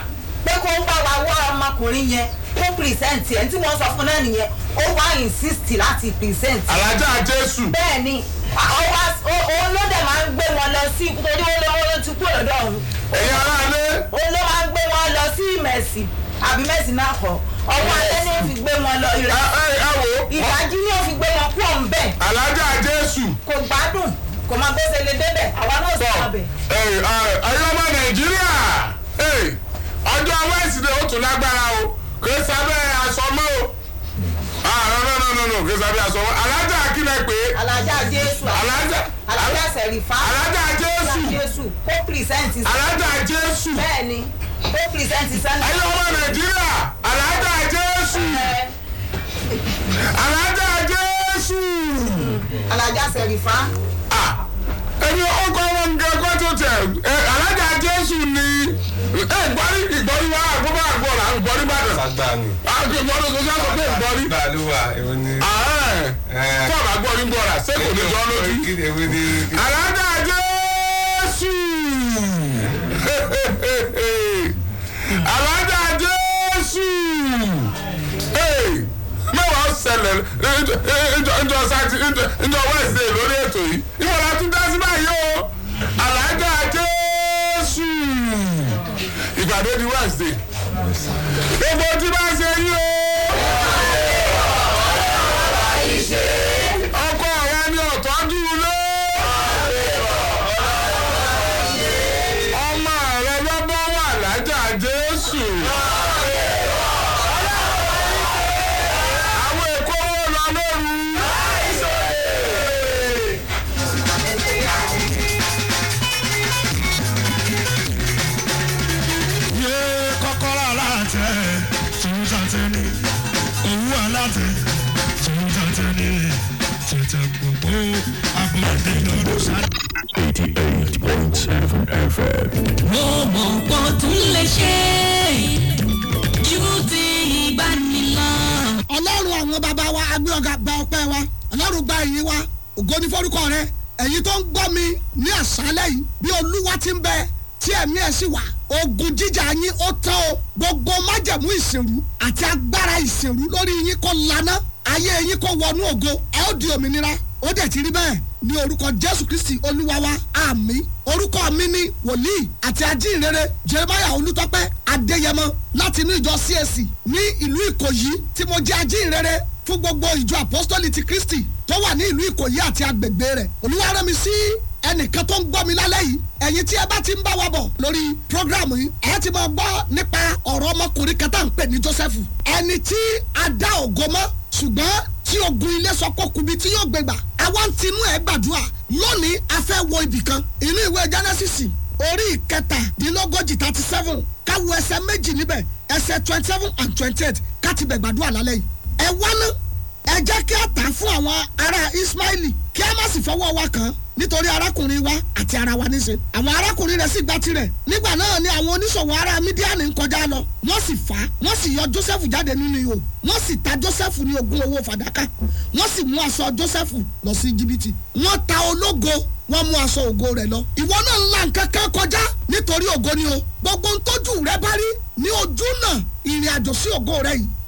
pé kó ń bá wa wọ́ ọmọkùnrin yẹn kó pìrìsẹ́ǹtì ẹ̀ tí wọ́n sọ fún náà nìyẹn ó wá ìnsísìtì láti pìrìsẹ́ǹtì. alájà jésù. bẹ́ẹ̀ ni òun ló dẹ̀ máa ń gbé wọn lọ sí torí ó lọ́wọ́ ló ti kú ọ̀dọ́ òun. ẹ̀yin aráalé. òun ló máa ń gbé wọn lọ sí ìmẹ̀sì àbí mẹ́sìnà kọ̀ ọwọ́ alẹ́ ni ó fi gbé wọn lọ ilẹ̀ ah, ah, ìdájí ni ó fi gbé wọn kú ọ̀n bẹ́ẹ̀. alájà jésù. kò gbádùn kò máa gbèsè lè débẹ̀ àwa náà sì máa bẹ̀. ayọ́mọ nàìjíríà ọjọ́ wẹ́sìdẹ̀ ó tún lágbára o kò sábẹ́ aṣọ mọ́ o ah, nínú òkè sábẹ́ aṣọ wọn alájà kílẹ̀ pé. alájà jésù alájà alájà sẹ̀rífà alájà jésù kó pìrìsẹ́ǹtì sí. alájà jésù bẹ́ẹ̀ ni ó pìrìsẹ́ǹtì sẹ́ńtì. ẹ̀yin ọmọ nàìjíríà àlàájá jésù àlàájá jésù. àlàájá sẹ̀rífà. ẹni ó kọ́ wọn nǹkan kó tó tẹ̀ àlàájá jésù ni ẹ gbọ́rí ìgbọ́rí wa àgbọ́bá àgbọ̀ là ń gbọ́rí bàdàn. àgbà ni. àgbà ìgbọ́rí kò sábà pé ìgbọ́rí. balùwà èwo ni. tó àbá gbọ́rí bọ̀rà sẹ́kù ní jọ́ lójú. àlàájá jésù. jésù mẹ́wàá ṣẹlẹ̀ njọ sátì njọ wẹ́sẹ̀ lórí ètò yìí ìmọ̀lá tún dá sí báyìí o àlàájá jésù ìpàdé di wẹ́sẹ̀ gbogbo tí bá ṣe yí o. ọ̀rọ̀ àìṣe. FM. gbogbo tún lè ṣe ju ti ọlọ́run àwọn bàbá wa agbẹ́ọ̀gá gba ọpẹ́ wa ọlọ́run gba ìyìn wa ògo ní forúkọ rẹ tó ń gbọ́ mi ní àṣálẹ́ yìí bí olúwa ti ń bẹ tí ẹ̀mí ẹ̀ sì wà ogun jíjà yín ó tán o gbogbo májẹ̀mú àti agbára lórí yín ayé yín wọnú ògo ẹ ó di òmìnira ó dẹ̀ ti rí bẹ́ẹ̀ ní orúkọ jésù kristi olúwa wa àmín orúkọ mi ni wòlíì àti ajínrere jeremiah olútọ́pẹ́ adéyẹmọ láti inú ìjọ csc e ní ìlú ìkòyí tí mo jẹ́ ajínrere fún gbogbo ìjọ apostoli ti kristi tó wà ní ìlú ìkòyí àti agbègbè rẹ̀ olúwa rán mi sí ẹnìkan tó ń gbọ́ mi lálẹ́ yìí ẹ̀yin tí ẹ bá ti ń bá wa bọ̀ lórí programu yìí ẹ ti máa gbọ́ nípa ọ̀rọ̀ ọmọkùnrin kan ń pè ní joseph ẹni tí a dá ògo mọ́ ṣùgbọ́n kí ogun ilé sọ kó kubi tí yóò gbégbà àwa ń tinú ẹ̀ gbàdúrà lónìí a fẹ́ wo ibì inú ìwé Genesis orí ìkẹtàdínlógójì thirty seven ká wo méjì níbẹ̀ ẹsẹ̀ twenty seven and twenty eight ká bẹ̀ gbàdúrà lálẹ́ yìí ẹ wá náà ẹ jẹ́ kí a tà fún àwọn ará ismaili kí a má sì fọwọ́ wa kàn nítorí arákùnrin wa àti ara wa níṣe àwọn arákùnrin rẹ̀ sì gba tirẹ̀ nígbà náà ni àwọn oníṣòwò ará mídíàní ń kọjá lọ wọ́n sì fà á wọ́n sì yọ joseph jáde nínú ihò wọ́n sì ta joseph ní ogún owó fàdákà wọ́n sì mú aṣọ joseph lọ sí jìbìtì wọ́n ta ológo wọ́n mú aṣọ ògo rẹ̀ lọ ìwọ náà ńlá nǹkan kan kọjá nítorí ògo ni o gbogbo ń tójú rẹ bá rí ní ojú náà ìrìn àjò sí ògo rẹ yìí